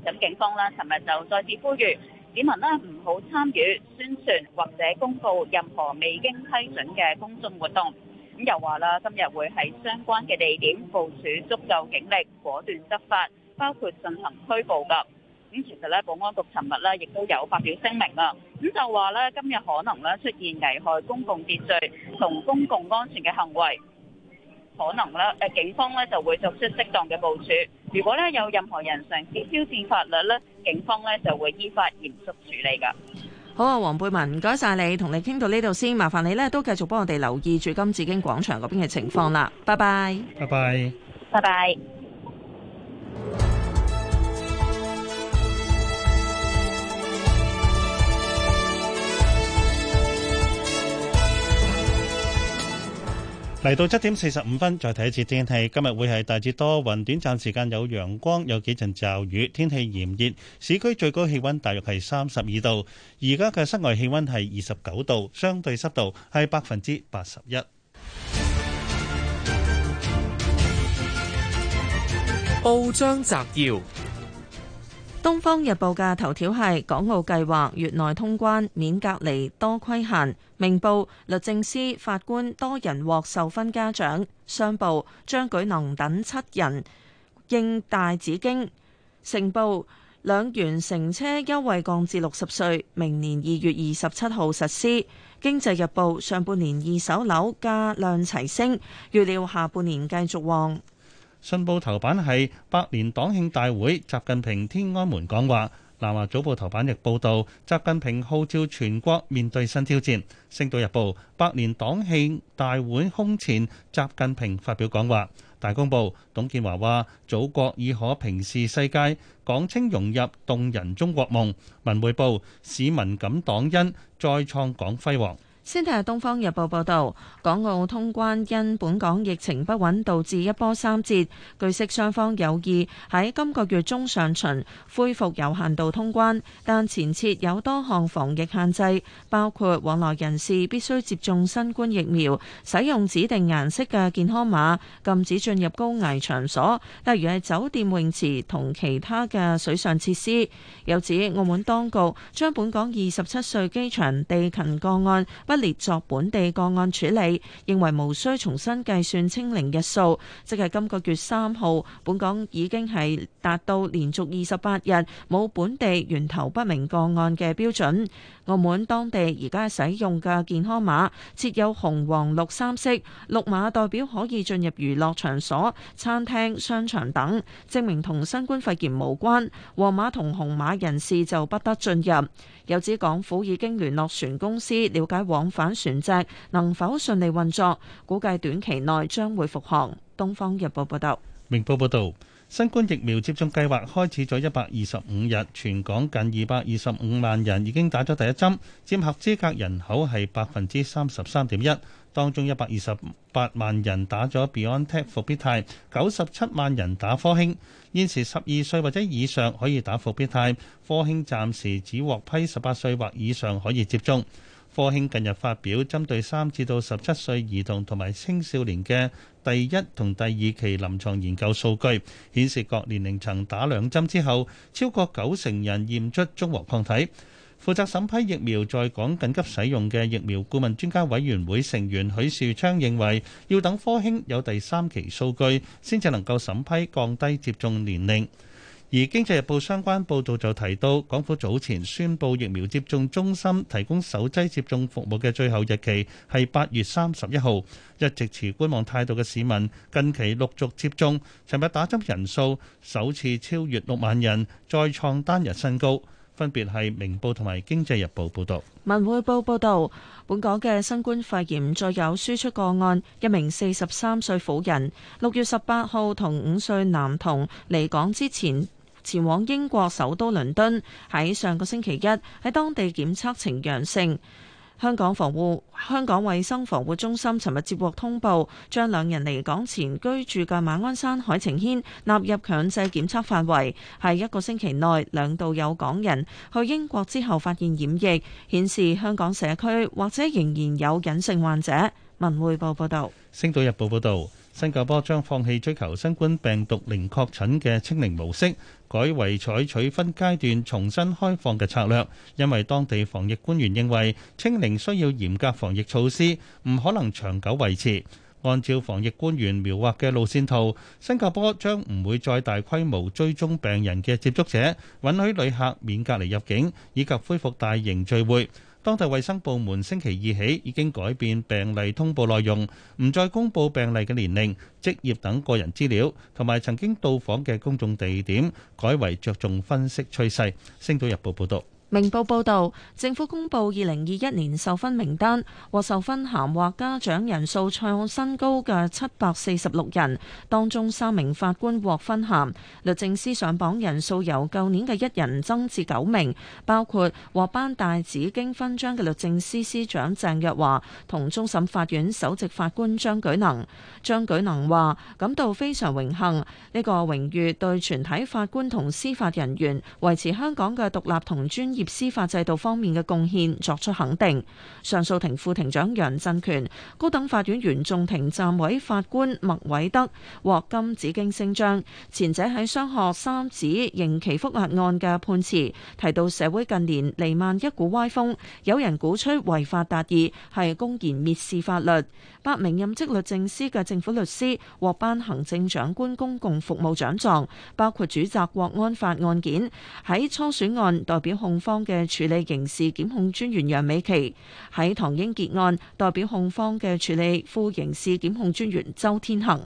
咁警方咧，尋日就再次呼籲市民咧，唔好參與宣傳或者公佈任何未經批准嘅公眾活動。咁又話啦，今日會喺相關嘅地點部署足夠警力，果斷執法，包括進行拘捕㗎。咁其實咧，保安局尋日咧，亦都有發表聲明啊。咁就話咧，今日可能咧出現危害公共秩序同公共安全嘅行為。可能咧，誒警方咧就會作出適當嘅部署。如果咧有任何人嘗試挑戰法律咧，警方咧就會依法嚴肅處理噶。好啊，黃貝文，唔該晒你，同你傾到呢度先，麻煩你咧都繼續幫我哋留意住金紫荊廣場嗰邊嘅情況啦。拜拜，拜拜，拜拜。嚟到七點四十五分，再睇一次天氣。今日會係大致多雲，雲短暫時間有陽光，有幾陣驟雨。天氣炎熱，市區最高氣温大約係三十二度。而家嘅室外氣温係二十九度，相對濕度係百分之八十一。報章摘要。《東方日報》嘅頭條係：港澳計劃月內通關免隔離多規限；《明報》律政司法官多人獲授勳嘉獎；《商報》張舉能等七人應膺大紫荊；《成報》兩元乘車優惠降至六十歲，明年二月二十七號實施；《經濟日報》上半年二手樓價量齊升，預料下半年繼續旺。信報頭版係百年黨慶大會，習近平天安門講話。南華早報頭版亦報道，習近平號召全國面對新挑戰。星島日報百年黨慶大會空前，習近平發表講話。大公報董建華話：祖國已可平視世界，港青融入動人中國夢。文匯報市民感黨恩，再創港輝煌。先睇下《東方日報》報道，港澳通關因本港疫情不穩導致一波三折。據悉，雙方有意喺今個月中上旬恢復有限度通關，但前設有多項防疫限制，包括往來人士必須接種新冠疫苗、使用指定顏色嘅健康碼、禁止進入高危場所，例如係酒店泳池同其他嘅水上設施。又指澳門當局將本港二十七歲機場地勤個案，不列作本地個案處理，認為無需重新計算清零日數，即係今個月三號，本港已經係達到連續二十八日冇本地源頭不明個案嘅標準。澳門當地而家使用嘅健康碼設有紅、黃、綠三色，綠碼代表可以進入娛樂場所、餐廳、商場等，證明同新冠肺炎無關。黃碼同紅碼人士就不得進入。有指港府已經聯絡船公司，了解往返船隻能否順利運作，估計短期內將會復航。《東方日報》報道，《明報》報道。新冠疫苗接種計劃開始咗一百二十五日，全港近二百二十五萬人已經打咗第一針，佔合資格人口係百分之三十三點一。當中一百二十八萬人打咗 BioNTech 復必泰，九十七萬人打科興。現時十二歲或者以上可以打復必泰，科興暫時只獲批十八歲或以上可以接種。科興近日發表針對三至到十七歲兒童同埋青少年嘅第一同第二期臨床研究數據顯示，各年齡層打兩針之後超過九成人驗出中和抗體，負責審批疫苗在港緊急使用嘅疫苗顧問專家委員會成員許樹昌認為要等科興有第三期數據先至能夠審批降低接種年齡。而《經濟日報》相關報導就提到，港府早前宣布疫苗接種中心提供首劑接種服務嘅最後日期係八月三十一號，一直持觀望態度嘅市民近期陸續接種，尋日打針人數首次超越六萬人，再創單日新高。分別係《明報》同埋《經濟日報》報道。《文匯報》報道，本港嘅新冠肺炎再有輸出個案，一名四十三歲婦人，六月十八號同五歲男童離港之前，前往英國首都倫敦，喺上個星期一喺當地檢測呈陽性。香港防護香港衞生防護中心尋日接獲通報，將兩人離港前居住嘅馬鞍山海晴軒納入強制檢測範圍。喺一個星期內，兩度有港人去英國之後發現染疫，顯示香港社區或者仍然有隱性患者。文匯報報道。《星島日報》報導。新加坡將放棄追求新冠病毒零確診嘅清零模式，改為採取分階段重新開放嘅策略。因為當地防疫官員認為清零需要嚴格防疫措施，唔可能長久維持。按照防疫官員描畫嘅路線圖，新加坡將唔會再大規模追蹤病人嘅接觸者，允許旅客免隔離入境，以及恢復大型聚會。當地衛生部門星期二起已經改變病例通報內容，唔再公佈病例嘅年齡、職業等個人資料，同埋曾經到訪嘅公眾地點，改為着重分析趨勢。星島日報報道。明報報導，政府公布二零二一年授勳名單，獲授勳銜或嘉獎人數創新高嘅七百四十六人，當中三名法官獲勳銜，律政司上榜人數由舊年嘅一人增至九名，包括獲頒大紫荊勳章嘅律政司司長鄭若驊同終審法院首席法官張舉能。張舉能話感到非常榮幸，呢、這個榮譽對全體法官同司法人員維持香港嘅獨立同專業 (music) 司法制度方面嘅貢獻作出肯定。上訴庭副庭長楊振權、高等法院原訟庭暫委法官麥偉德獲金紫荊星章。前者喺商學三子刑期覆核案嘅判詞提到，社會近年彌漫一股歪風，有人鼓吹違法達義，係公然蔑視法律。八名任職律政司嘅政府律師獲頒行政長官公共服務獎狀，包括主責國安法案件喺初選案代表控方嘅處理刑事檢控專員楊美琪喺唐英傑案代表控方嘅處理副刑事檢控專員周天行。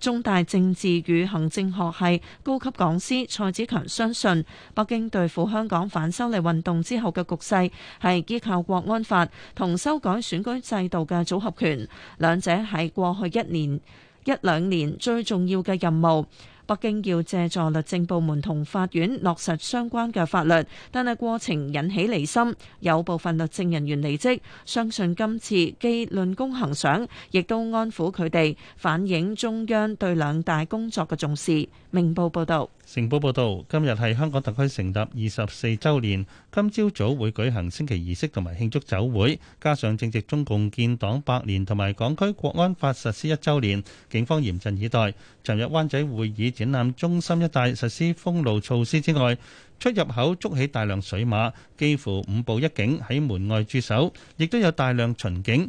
中大政治與行政學系高級講師蔡子強相信，北京對付香港反修例運動之後嘅局勢係依靠國安法同修改選舉制度嘅組合拳，兩者係過去一年一兩年最重要嘅任務。北京要藉助律政部門同法院落實相關嘅法律，但係過程引起離心，有部分律政人員離職。相信今次既論功行賞，亦都安撫佢哋，反映中央對兩大工作嘅重視。明報報導，成報報導，今日係香港特區成立二十四週年，今朝早會舉行升旗儀式同埋慶祝酒會，加上正值中共建黨百年同埋港區國安法實施一週年，警方嚴陣以待。尋日灣仔會議展覽中心一帶實施封路措施之外，出入口築起大量水馬，幾乎五步一警喺門外駐守，亦都有大量巡警。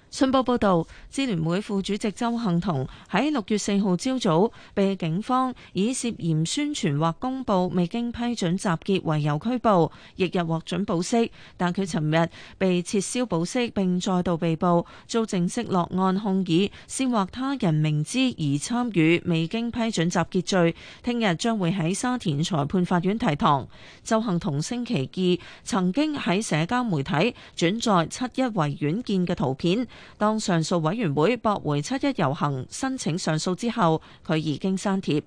信報報導，支聯會副主席周幸彤喺六月四號朝早被警方以涉嫌宣傳或公佈未經批准集結為由拘捕，翌日獲准保釋，但佢尋日被撤銷保釋並再度被捕，做正式落案控以煽惑他人明知而參與未經批准集結罪，聽日將會喺沙田裁判法院提堂。周幸彤星期二曾經喺社交媒體轉載七一維園見嘅圖片。當上訴委員會駁回七一遊行申請上訴之後，佢已經刪帖。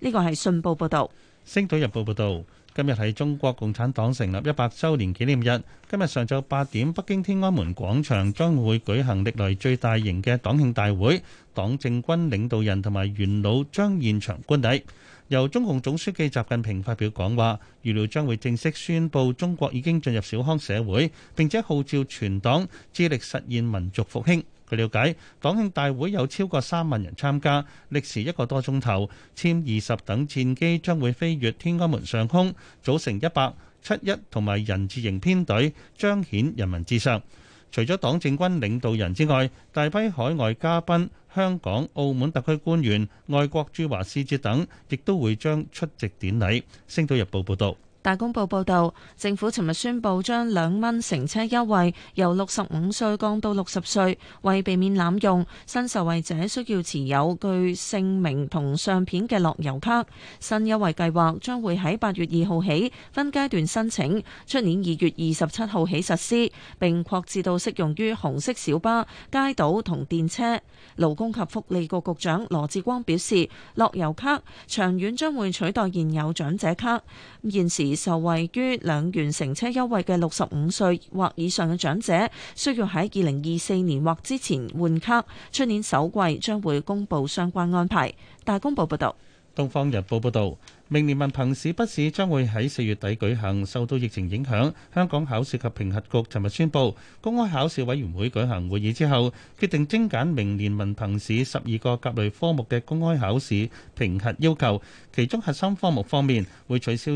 呢個係信報報道。星島日報報道，今日係中國共產黨成立一百周年紀念日。今日上晝八點，北京天安門廣場將會舉行歷來最大型嘅黨慶大會，黨政軍領導人同埋元老將現場觀禮。由中共總書記習近平發表講話，預料將會正式宣布中國已經進入小康社會，並且號召全黨致力實現民族復興。據了解，黨慶大會有超過三萬人參加，歷時一個多鐘頭。殲二十等戰機將會飛越天安門上空，組成一百七一同埋人字形編隊，彰顯人民至上。除咗黨政軍領導人之外，大批海外嘉賓、香港、澳門特區官員、外國駐華使節等，亦都會將出席典禮。星島日報報道。大公報報導，政府尋日宣布將兩蚊乘車優惠由六十五歲降到六十歲，為避免濫用，新受惠者需要持有具姓名同相片嘅樂悠卡。新優惠計劃將會喺八月二號起分階段申請，出年二月二十七號起實施，並擴至到適用於紅色小巴、街渡同電車。勞工及福利局局，局長羅致光表示，樂悠卡長遠將會取代現有長者卡。現時受惠於兩元乘車優惠嘅六十五歲或以上嘅長者，需要喺二零二四年或之前換卡。出年首季將會公佈相關安排。大公報報導，《東方日報》報導，明年文憑試筆試將會喺四月底舉行。受到疫情影響，香港考試及評核局尋日宣布，公開考試委員會舉行會議之後，決定精簡明年文憑試十二個甲類科目嘅公開考試評核要求，其中核心科目方面會取消。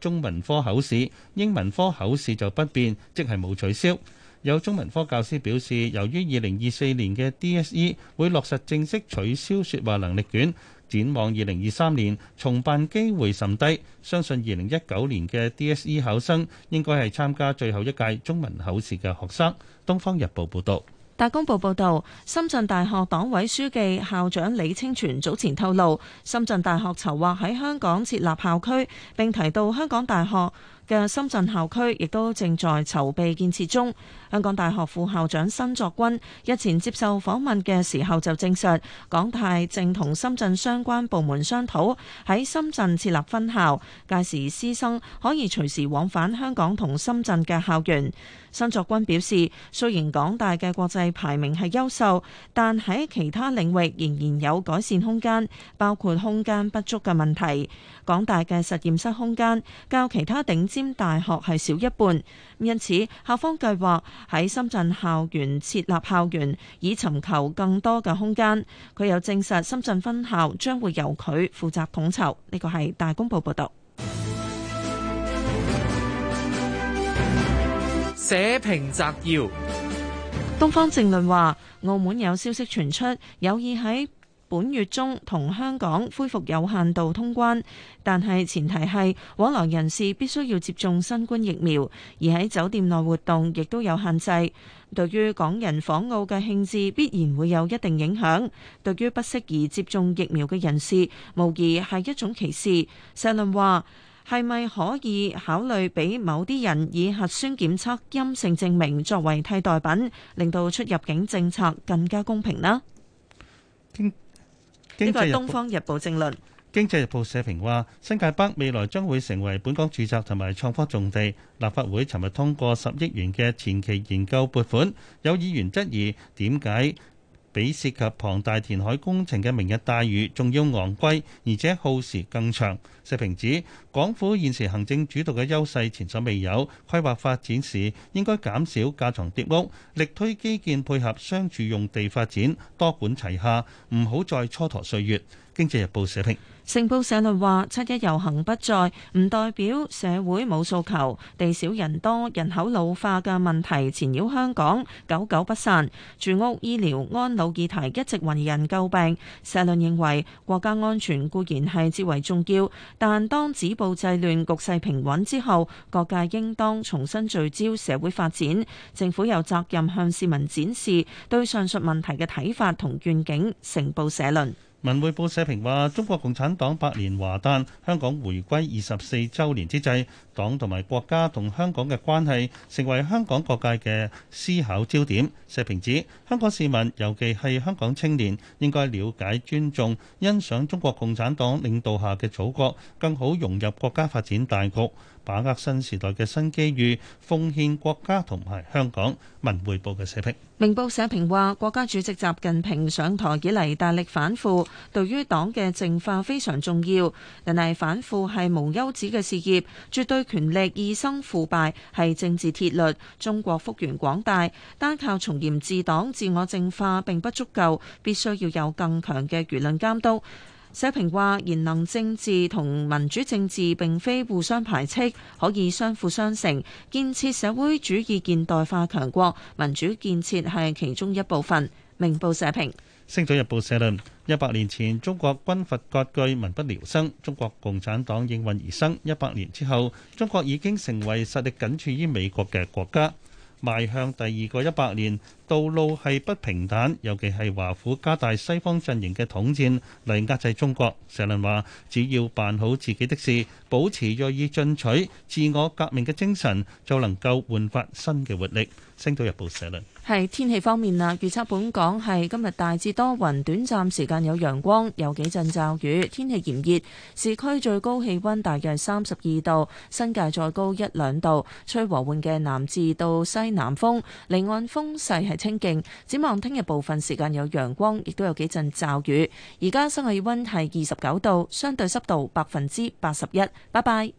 中文科口試，英文科口試就不變，即係冇取消。有中文科教師表示，由於二零二四年嘅 DSE 會落實正式取消説話能力卷，展望二零二三年重辦機會甚低。相信二零一九年嘅 DSE 考生應該係參加最後一屆中文口試嘅學生。《東方日報》報道。大公報報導，深圳大學黨委書記、校長李清泉早前透露，深圳大學籌劃喺香港設立校區，並提到香港大學嘅深圳校區亦都正在籌備建設中。香港大學副校長申作軍日前接受訪問嘅時候就證實，港大正同深圳相關部門商討喺深圳設立分校，屆時師生可以隨時往返香港同深圳嘅校園。申作軍表示，雖然港大嘅國際排名係優秀，但喺其他領域仍然有改善空間，包括空間不足嘅問題。港大嘅實驗室空間較其他頂尖大學係少一半，因此校方計劃喺深圳校園設立校園，以尋求更多嘅空間。佢又證實，深圳分校將會由佢負責統籌。呢個係大公報報道。社評摘要：東方正論話，澳門有消息傳出，有意喺。本月中同香港恢復有限度通關，但係前提係往來人士必須要接種新冠疫苗，而喺酒店內活動亦都有限制。對於港人訪澳嘅興致必然會有一定影響。對於不適宜接種疫苗嘅人士，無疑係一種歧視。社論話：係咪可以考慮俾某啲人以核酸檢測陰性證明作為替代品，令到出入境政策更加公平呢？嗯呢個係《東方日報》政論，《經濟日報》社評話：新界北未來將會成為本港住宅同埋創科重地。立法會尋日通過十億元嘅前期研究撥款，有議員質疑點解，比涉及龐大填海工程嘅明日大嶼仲要昂貴，而且耗時更長。石平指港府現時行政主導嘅優勢前所未有，規劃發展時應該減少架床疊屋，力推基建配合商住用地發展，多管齊下，唔好再蹉跎歲月。《經濟日報》社評，成報社論話：七一遊行不在，唔代表社會冇訴求。地少人多、人口老化嘅問題纏繞香港，久久不散。住屋、醫療、安老議題一直為人詬病。社論認為，國家安全固然係至為重要，但當止暴制亂局勢平穩之後，各界應當重新聚焦社會發展。政府有責任向市民展示對上述問題嘅睇法同願景。成報社論。文匯報社評話：中國共產黨百年華誕，香港回歸二十四週年之際，黨同埋國家同香港嘅關係成為香港各界嘅思考焦點。社評指，香港市民，尤其係香港青年，應該了解、尊重、欣賞中國共產黨領導下嘅祖國，更好融入國家發展大局。把握新時代嘅新機遇，奉獻國家同埋香港。文匯報嘅社評，明報社評話：國家主席習近平上台以嚟，大力反腐，對於黨嘅淨化非常重要。但係反腐係無休止嘅事業，絕對權力易生腐敗，係政治鐵律。中國幅員廣大，單靠從嚴治黨、自我淨化並不足夠，必須要有更強嘅輿論監督。社評話：言論政治同民主政治並非互相排斥，可以相輔相成。建設社會主義現代化強國，民主建設係其中一部分。明報社評，《星島日報》社論：一百年前，中國軍閥割據，民不聊生；中國共產黨應運而生。一百年之後，中國已經成為實力僅處於美國嘅國家。邁向第二個一百年，道路係不平坦，尤其係華府加大西方陣營嘅統戰嚟壓制中國。社論話：只要辦好自己的事，保持銳意進取、自我革命嘅精神，就能夠煥發新嘅活力。星島日報社論。喺天氣方面啦，預測本港係今日大致多雲，短暫時間有陽光，有幾陣驟雨，天氣炎熱，市區最高氣温大約三十二度，新界再高一兩度，吹和緩嘅南至到西南風，離岸風勢係清勁。展望聽日部分時間有陽光，亦都有幾陣驟雨。而家室外氣溫係二十九度，相對濕度百分之八十一。拜拜。